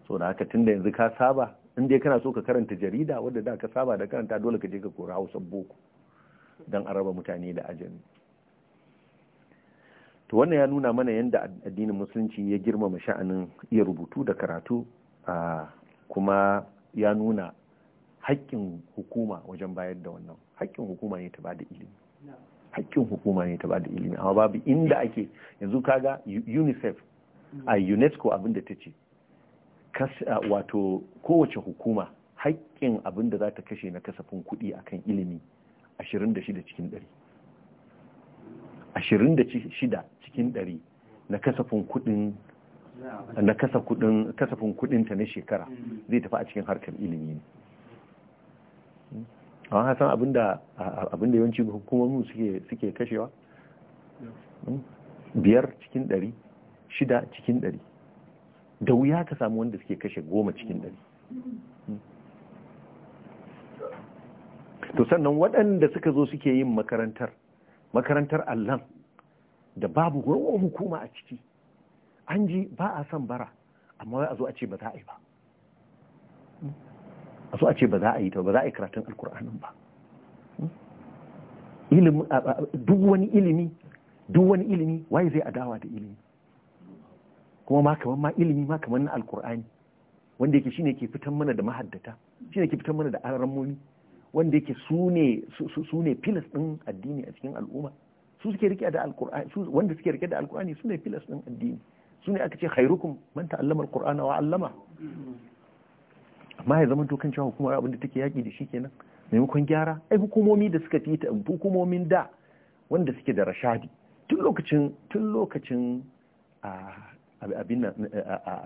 so da haka tunda yanzu ka saba in dai kana so ka karanta jarida wadda da ka saba da karanta dole ka je ka kora hausar boko don a raba mutane da ajami to wannan ya nuna mana yadda addinin musulunci ya girmama sha'anin iya rubutu da karatu kuma ya nuna haƙƙin hukuma wajen bayar da wannan haƙƙin hukuma ne ta ba da ilimi hakkin hukuma ne ta ba da ilimi amma babu inda ake yanzu kaga unicef a unesco abinda ta ce wato kowace hukuma haƙƙin abinda za ta kashe na kasafin kudi akan ilimi 26 cikin 100 26 cikin 100 na kasafin kudin na kasafin kuɗinta na shekara zai tafi a cikin harkar ilimi ne a hasan abin da yawanci hukumomi suke kashewa hmm? biyar cikin ɗari shida cikin ɗari da wuya ka samu wanda suke kashe goma cikin ɗari hmm? to sannan waɗanda suka zo suke yin makarantar makarantar allon da babu ruwan hukuma a ciki an ji ba a son bara amma wai a zo a ce ba za a yi ba hmm? a so a ce ba za a yi ta ba za a yi karatun alkur'anin ba duk wani ilimi duk wani ilimi waye zai adawa da ilimi kuma ma kamar ma ilimi ma kamar na alkur'ani wanda yake shine ke fitan mana da mahaddata shine ke fitan mana da aramomi wanda yake su ne su ne filas din addini a cikin al'umma su suke rike da alkur'ani su wanda suke rike da alkur'ani su ne filas din addini su ne aka ce khairukum man ta'allama alqur'ana wa 'allama amma ya zama dokan cewa hukumar abin abinda take yaƙi da shi kenan maimakon gyara ai hukumomi da suka fi ta hukumomin da wanda suke da rashadi tun lokacin tun lokacin abin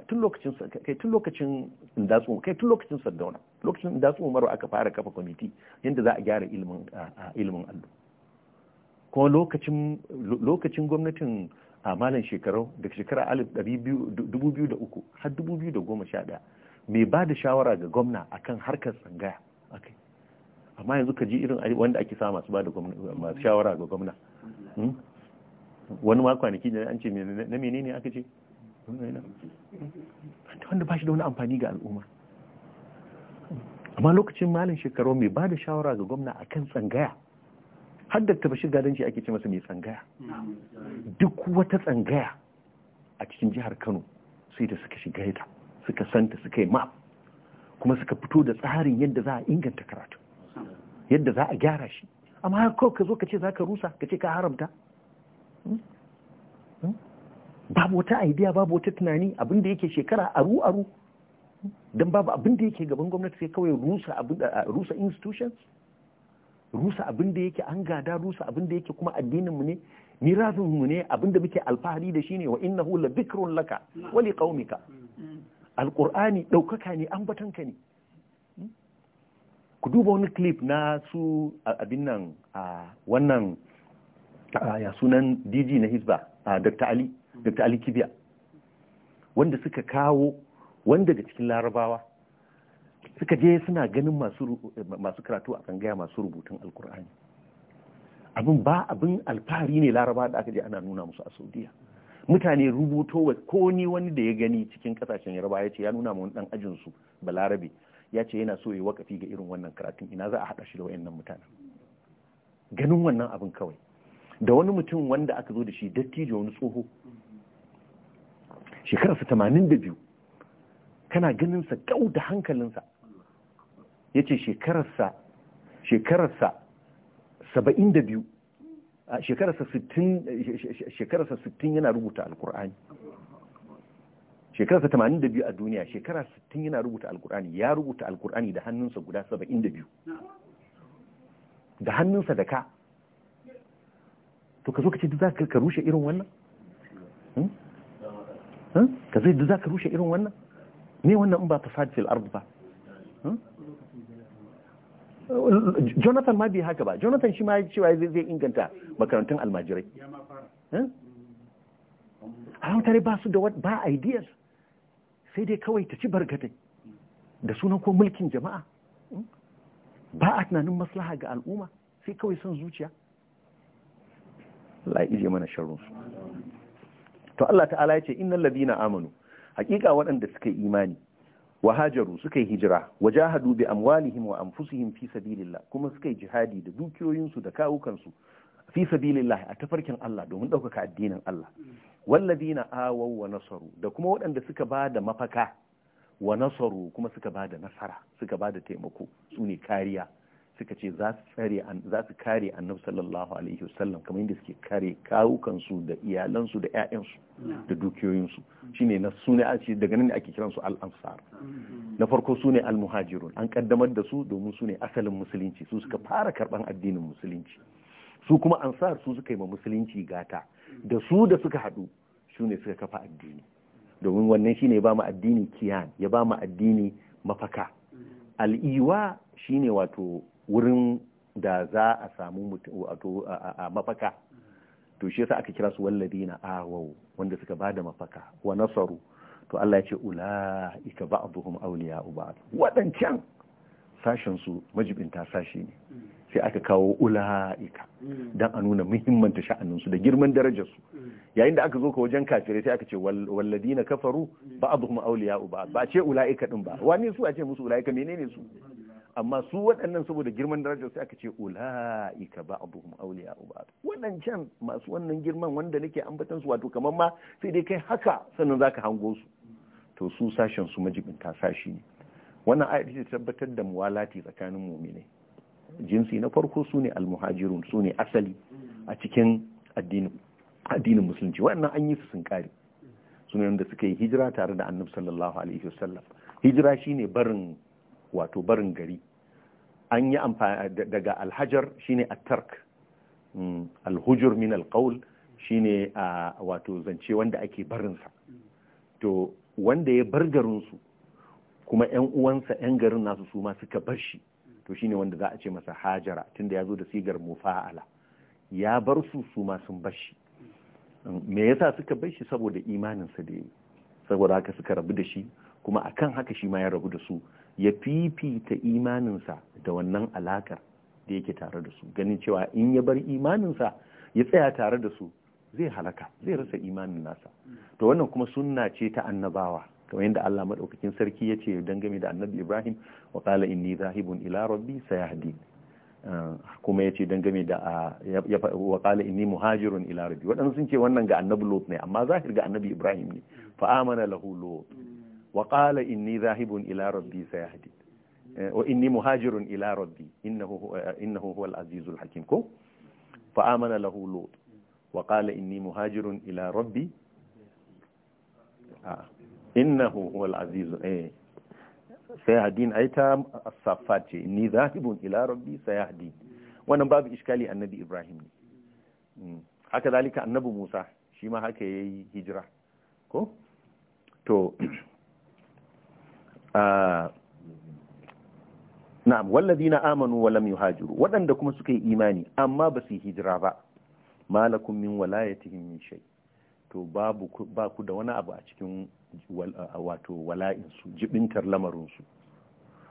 tun lokacin kai tun lokacin datsu kai tun lokacin saddauna lokacin datsu umaru aka fara kafa kwamiti yadda za a gyara ilimin ilimin allo kuma lokacin lokacin gwamnatin malam shekaru daga shekara 2003 har 2011 mai ba da shawara ga gwamna akan harkar tsangaya amma yanzu ka ji irin wanda ake sa masu ba da masu shawara ga gwamna hmm? wani ma kwanaki ne an ce na menene aka ce wanda ba shi da wani amfani ga al'umma amma lokacin malin shekaru mai ba da shawara ga gwamna akan tsangaya haddata bashir gadanci ake ce masa mai tsangaya duk wata tsangaya a cikin jihar kano sai da suka shiga ita suka santa suka yi map kuma suka fito da tsarin yadda za a inganta karatu yadda za a gyara shi amma har kawai ka zo ka ce za ka rusa ka ce ka haramta hmm? Hmm? babu wata idea babu wata tunani abinda yake shekara aru aru hmm? don babu abinda yake gaban gwamnati sai kawai rusa institutions rusa abinda yake an gada rusa abinda yake kuma addininmu ne mirazinmu ne abinda muke alfahari da shi ne wa innahu la dhikrun laka wa liqaumika alƙur'ani ɗaukaka ne an ka ne ku duba wani clip na su abin nan a wannan ya sunan dg na hisba dr ali dr ali kibiya wanda suka kawo wanda daga cikin larabawa suka je suna ganin masu karatu a kan gaya masu rubutun alkur'ani abin ba abin alfahari ne laraba da aka je ana nuna musu a saudiya mutane rubuto ko ni wani da ya gani cikin kasashen yarba ya ce ya nuna wani dan ajinsu balarabe ya ce yana so ya wakafi ga irin wannan karatun ina za a haɗa shi da wayannan mutanen ganin wannan abin kawai da wani mutum wanda aka zo da shi dattijo wani tsoho shekararsa tamanin da biyu kana sa gau da hankalinsa ya ce shekararsa saba'in da biyu shekararsa 60 yana rubuta alkur'ani shekararsa 82 a duniya shekara 60 yana rubuta alkur'ani ya rubuta alkur'ani da hannunsa guda 72 da hannunsa da ka to ka zo ka ce duk za ka rushe irin wannan hmm? Hmm? ka zai duk za ka rushe irin wannan ne wannan in ba fasad fil ard ba hmm? jonathan ma bai haka ba jonathan shi ma ya cewa zai inganta makarantun almajirai haramtare ba su da ba ideas sai dai kawai ta ci barkatai da sunan ko mulkin jama'a ba a tunanin maslaha ga al'umma sai kawai son zuciya la ije mana sharrunsu to Allah ta'ala ya ce inna ladina amanu hakika waɗanda suka yi imani wa hajaru suka yi hijira wa jahadu bi amwalihim wa anfusihim fi sabilillah kuma suka yi jihadi da dukiyoyinsu da kawukansu fi sabilillah a tafarkin Allah domin ɗaukaka addinin Allah walladina awaw wa nasaru da kuma waɗanda suka ba da mafaka wa nasaru kuma suka ba da nasara suka ba da taimako su ne kariya suka ce za su kare annabi sallallahu alaihi wasallam kamar yadda suke kare kawukansu da iyalansu da 'ya'yansu da dukiyoyinsu shine na a ce daga nan ne ake kiransu al-ansar na farko sune al-muhajirun an kaddamar da su domin sune asalin musulunci su suka fara karban addinin musulunci su kuma ansar su suka yi ma musulunci gata da su da suka haɗu sune suka kafa addini domin wannan shine ya ba mu addini kiyan ya ba mu addini mafaka al'iwa shine wato wurin da za a samu a mafaka to shi yasa aka kira su na awaw wanda suka bada mafaka wa nasaru to Allah ya ce ulaika ba'dhum awliya'u ba'd wadancan sashen su majibinta sashi ne sai aka kawo ula'ika don a nuna muhimmanta su da girman darajar su yayin da aka zo ka wajen kafirai sai aka ce walladina kafaru ba abu kuma ba ba ce ula'ika din ba wani su a ce musu ula'ika menene su amma su waɗannan saboda girman darajar sai aka ce ula'ika ba'dhum abu ba'd waɗancan masu wannan girman wanda nake ambatan su wato kamar ma sai dai kai haka sannan zaka hango su to su sashen su majibinta sashi ne wannan ayat ce tabbatar da muwalati tsakanin mu'mine jinsi na farko su ne almuhajirun su ne asali a cikin addinin musulunci waɗannan an yi su sun kare su ne wanda suka yi hijira tare da annabi sallallahu alaihi wasallam hijira shine barin wato barin gari an yi amfani daga alhajar shine atark tark mm, alhujur min alqaul shine wato zance wanda ake barinsa to wanda ya bar garinsu kuma 'yan uwansa 'yan garin nasu su ma suka bar shi to shine wanda za a ce masa hajara tunda ya zo da sigar mufa'ala ya bar su su ma sun bar shi mm, me yasa suka bar shi saboda imaninsa da yi saboda haka suka rabu da shi kuma akan haka shi ma ya rabu da su ya fifita imaninsa da wannan alakar da yake tare da su ganin cewa in ya bar imaninsa ya tsaya tare da su zai halaka zai rasa imanin nasa to wannan kuma sunna ce ta annabawa kamar yadda Allah madaukakin sarki ya ce dangane da annabi Ibrahim wa qala inni zahibun ila rabbi sayahdin ah, kuma ya ce dangane da ah, wa qala inni muhajirun ila rabbi waɗansu sun ce wannan ga annabi Lot ne amma zahir ga annabi Ibrahim ne fa amana lahu Lot وقال إني ذاهب إلى ربي سيهدي آه، وإني مهاجر إلى ربي إنه هو, آه، إنه هو العزيز الحكيم فآمن له لوط وقال إني مهاجر إلى ربي آه. إنه هو العزيز إيه. سيهدين أيتا الصفات إني ذاهب إلى ربي سيهدين وأنا باب إشكالي النبي إبراهيم هكذا ذلك النبي موسى Musa shi هجرة كو تو na'am na amanu wa lam yuhajiru waɗanda kuma suka yi imani amma ba su yi hijira ba malakum min walayatihim min shay to babu ba ku da wani abu a cikin wato wala'in su jibintar lamarin su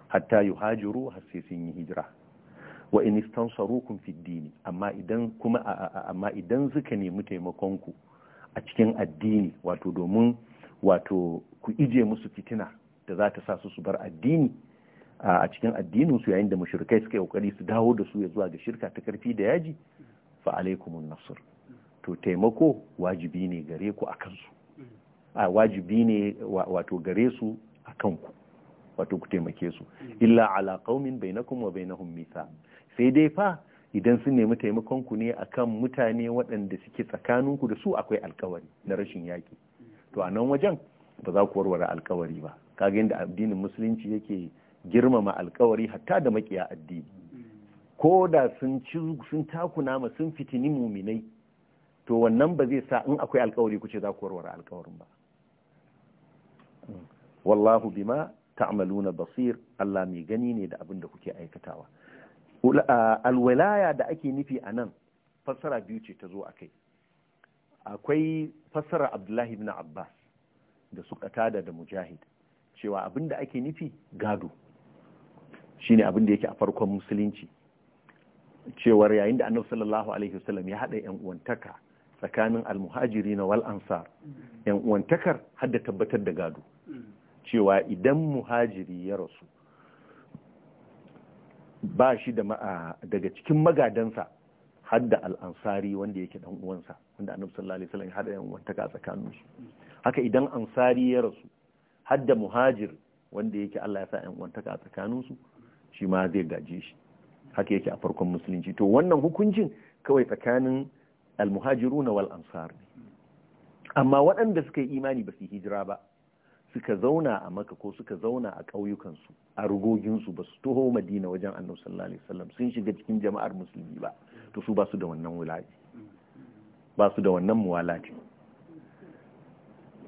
hatta yuhajiru har sai sun yi hijira wa in istansarukum fi dini amma idan kuma amma idan suka nemi taimakon ku a cikin addini wato domin wato ku ije musu fitina da za ta sa su su bar addini a cikin addinin su yayin da mushrikai suka kokari su dawo da su ya zuwa ga shirka ta karfi da yaji fa alaikumun nasr to taimako wajibi ne gare ku akan su wajibi ne wato gare su akan ku wato ku taimake su illa ala qaumin bainakum wa bainahum mitha sai dai fa idan sun nemi taimakon ku ne akan mutane waɗanda suke tsakaninku da su akwai alkawari na rashin yaki to a nan wajen ba za ku warware alkawari ba kaga yadda addinin musulunci yake girmama alkawari hatta da makiya addini ko da sun ci sun takuna ma sun fitini muminai to wannan ba zai sa in akwai alkawari kuce za ku warware alkawarin ba wallahu bima ta'maluna basir Allah mai gani ne da abin da kuke aikatawa alwalaya da ake nufi a nan fassara biyu ce ta zo a kai akwai fassara abdullahi ibn abbas da su tada da mujahid cewa abin da ake nufi gado ne abin da yake a farkon musulunci cewar yayin da annabu sallallahu alaihi wasallam ya hada yan uwantaka tsakanin almuhajiri na wal ansar yan uwantakar har da tabbatar da gado cewa idan muhajiri ya rasu ba shi daga cikin magadansa hadda al'ansari wanda yake dan uwansa wanda annabi sallallahu alaihi wasallam ya hada yan uwantaka su. haka idan ansari ya rasu hadda muhajir wanda yake Allah ya sa ‘yan wantaka a tsakaninsu shi ma zai gaje shi haka yake a farkon musulunci to wannan hukuncin kawai tsakanin almuhajiruna wal ansar ne amma waɗanda suka yi imani ba su hijira ba suka zauna a maka ko suka zauna a ƙauyukansu a rugoginsu ba su toho madina wajen annabi sallallahu alaihi wasallam sun shiga cikin jama'ar musulmi ba to su ba su da wannan wulaji ba su da wannan muwalati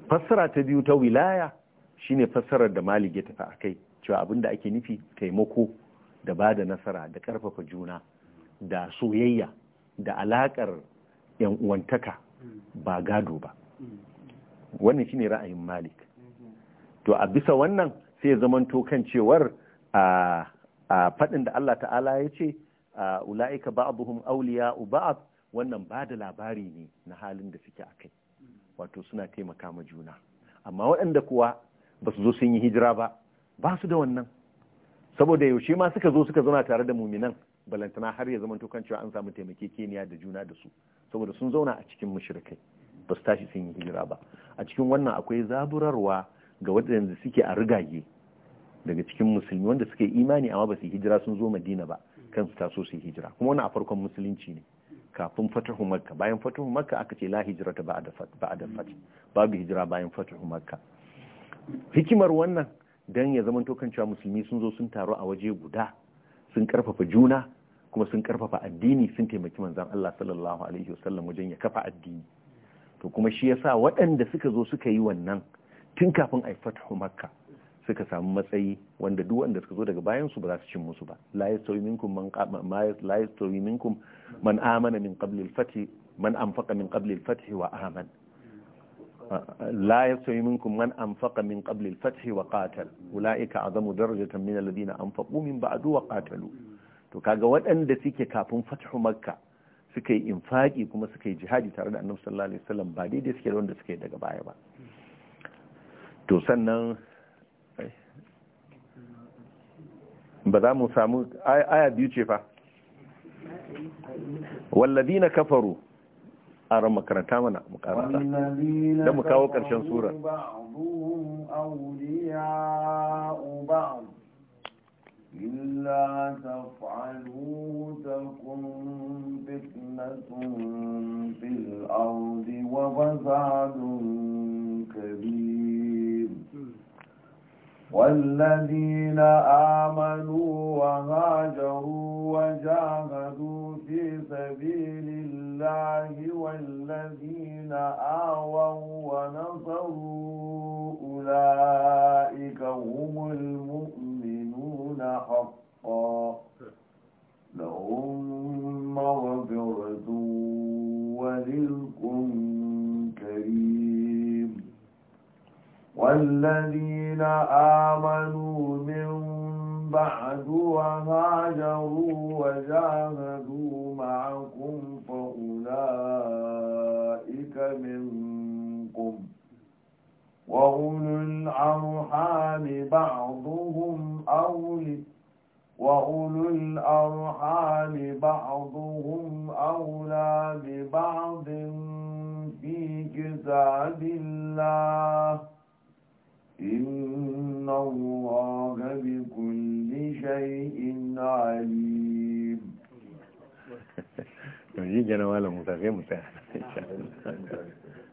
fassara ta biyu ta wilaya shine fassarar da malik ya tafi a kai cewa abin da ake nufi taimako da ba da nasara da ƙarfafa juna da soyayya da alaƙar yan uwantaka ba gado ba wannan shine ra'ayin malik to a bisa wannan sai zamanto kan cewar a faɗin da Allah ta'ala ya ce a ula'ika ba ba'abuhum auliya ba'ab wannan ba da labari ne na halin da suke a kai wato suna taimaka ma juna amma waɗanda kuwa ba su zo sun yi hijira ba ba su da wannan saboda yaushe ma suka zo suka zauna tare da muminan balantana har ya zamanto kan cewa an samu taimakekeniya da juna da su saboda sun zauna a cikin mushrikai ba su tashi sun yi hijira ba a cikin wannan akwai zaburarwa ga waɗanda suke a rigage daga cikin musulmi wanda suke imani amma ba su hijira sun zo madina ba kansu taso su hijira kuma wannan a farkon musulunci ne kafin fatahu makka bayan fatahu makka aka ce la hijira ta ba'da fat babu hijira bayan fatahu makka hikimar wannan don ya zama tokan cewa musulmi sun zo sun taru a waje guda sun karfafa juna kuma sun karfafa addini sun taimaki manzan Allah sallallahu alaihi wasallam wajen ya kafa addini to kuma shi yasa waɗanda suka zo suka yi wannan tun kafin a fatahu makka suka samu matsayi wanda duk wanda suka zo daga bayan su ba za su cin musu ba la yastawi minkum man amana min qabli al man anfaqa min qabli al wa amana la yasawi minkum man anfaqa min qabli al-fath wa qatal ulaika azamu darajatan min alladhina anfaqu min ba'du wa qatalu to kaga waɗanda suke kafin fathu makka suka yi infaki kuma suka yi jihadi tare da annabi sallallahu alaihi wasallam ba daidai suke da wanda suke daga baya ba to sannan ba za mu samu aya biyu ce fa wallazina kafaru aron makaranta mana mu karanta da mu kawo ƙarshen sura إلا تفعلوا تكن فتنة في الأرض وفساد والذين آمنوا وهاجروا وجاهدوا في سبيل الله والذين آووا ونصروا أولئك هم المؤمنون حقا لهم مغفرة والذين آمنوا من بعد وهاجروا وجاهدوا معكم فأولئك منكم وأولو الأرحام بعضهم أولي وأولو الأرحام بعضهم أولى ببعض في كتاب الله إن الله بكل شيء عليم yanzu gina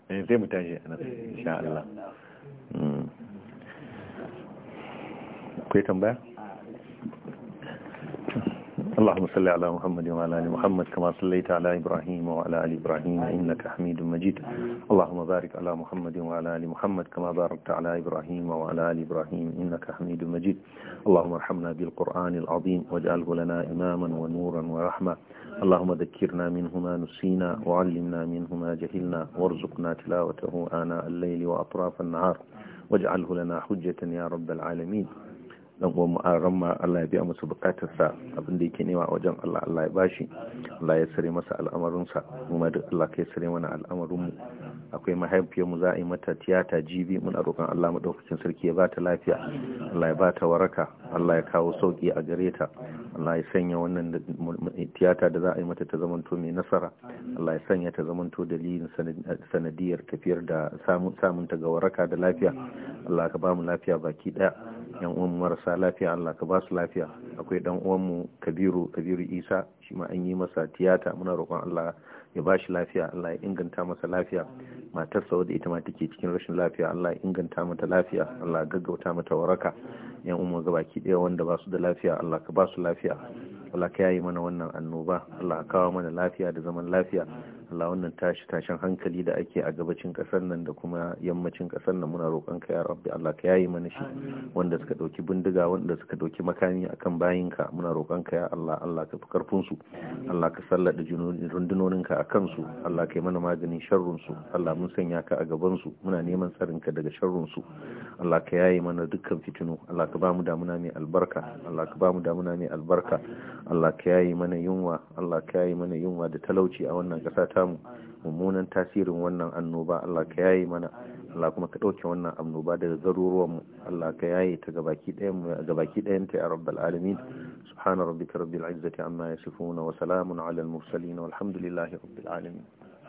eh, mu tashi اللهم صل على محمد وعلى ال محمد كما صليت على ابراهيم وعلى ال ابراهيم انك حميد مجيد اللهم بارك على محمد وعلى ال محمد كما باركت على ابراهيم وعلى ال ابراهيم انك حميد مجيد اللهم ارحمنا بالقران العظيم واجعله لنا اماما ونورا ورحمه اللهم ذكرنا منه ما نسينا وعلمنا منه ما جهلنا وارزقنا تلاوته آناء الليل وأطراف النهار واجعله لنا حجة يا رب العالمين dan uwan mu an ramma Allah ya biya masa bukatarsa abin da yake nema a wajen Allah Allah ya bashi Allah ya sare masa al'amarin sa kuma duk Allah ka sare mana al'amarin mu akwai mahaifiyar mu za a yi mata tiyata jibi muna roƙon Allah maɗaukacin sarki ya ba ta lafiya Allah ya ba ta waraka Allah ya kawo sauki a gare ta Allah ya sanya wannan tiyata da za a yi mata ta zamanto mai nasara Allah ya sanya ta zamanto dalilin sanadiyar tafiyar da samun ta ga waraka da lafiya Allah ka ba mu lafiya baki ɗaya yan uwan marasa lafiya Allah ka ba su lafiya akwai dan mu Kabiru Kabiru Isa shi ma an yi masa tiyata muna roƙon Allah ya ba shi lafiya Allah ya inganta masa lafiya matar sa wadda ita ma take cikin rashin lafiya Allah ya inganta mata lafiya Allah ya gaggauta mata waraka yan umma gabaki daya wanda ba su da lafiya Allah ka ba su lafiya Allah ka yayi mana wannan annoba Allah ka kawo mana lafiya da zaman lafiya Allah wannan tashi tashin hankali da ake a gabacin kasar nan da kuma yammacin kasar nan muna roƙon ka ya rabbi Allah ka yayi mana shi wanda suka dauki bindiga wanda suka dauki makami akan bayinka muna roƙon ka ya Allah Allah ka fi karfin su Allah ka sallada rundunonin ka akan su Allah ka yi mana maganin sharrun su Allah mun sanya ka a gaban su muna neman tsarin ka daga sharrun su Allah ka yayi mana dukkan fitinu Allah ka ba mu damuna mai albarka Allah ka ba mu damuna mai albarka Allah ka yayi mana yunwa Allah ka yayi mana yunwa da talauci a wannan ƙasa azurta mummunan tasirin wannan annoba Allah ka yaye mana Allah kuma ka ɗauke wannan annoba daga garuruwan mu Allah ka yaye ta gabaki ɗayan mu gabaki ɗayan ta ya rabbal alamin subhana rabbika rabbil izzati amma yasifuna wa salamun ala al mursalin walhamdulillahi rabbil alamin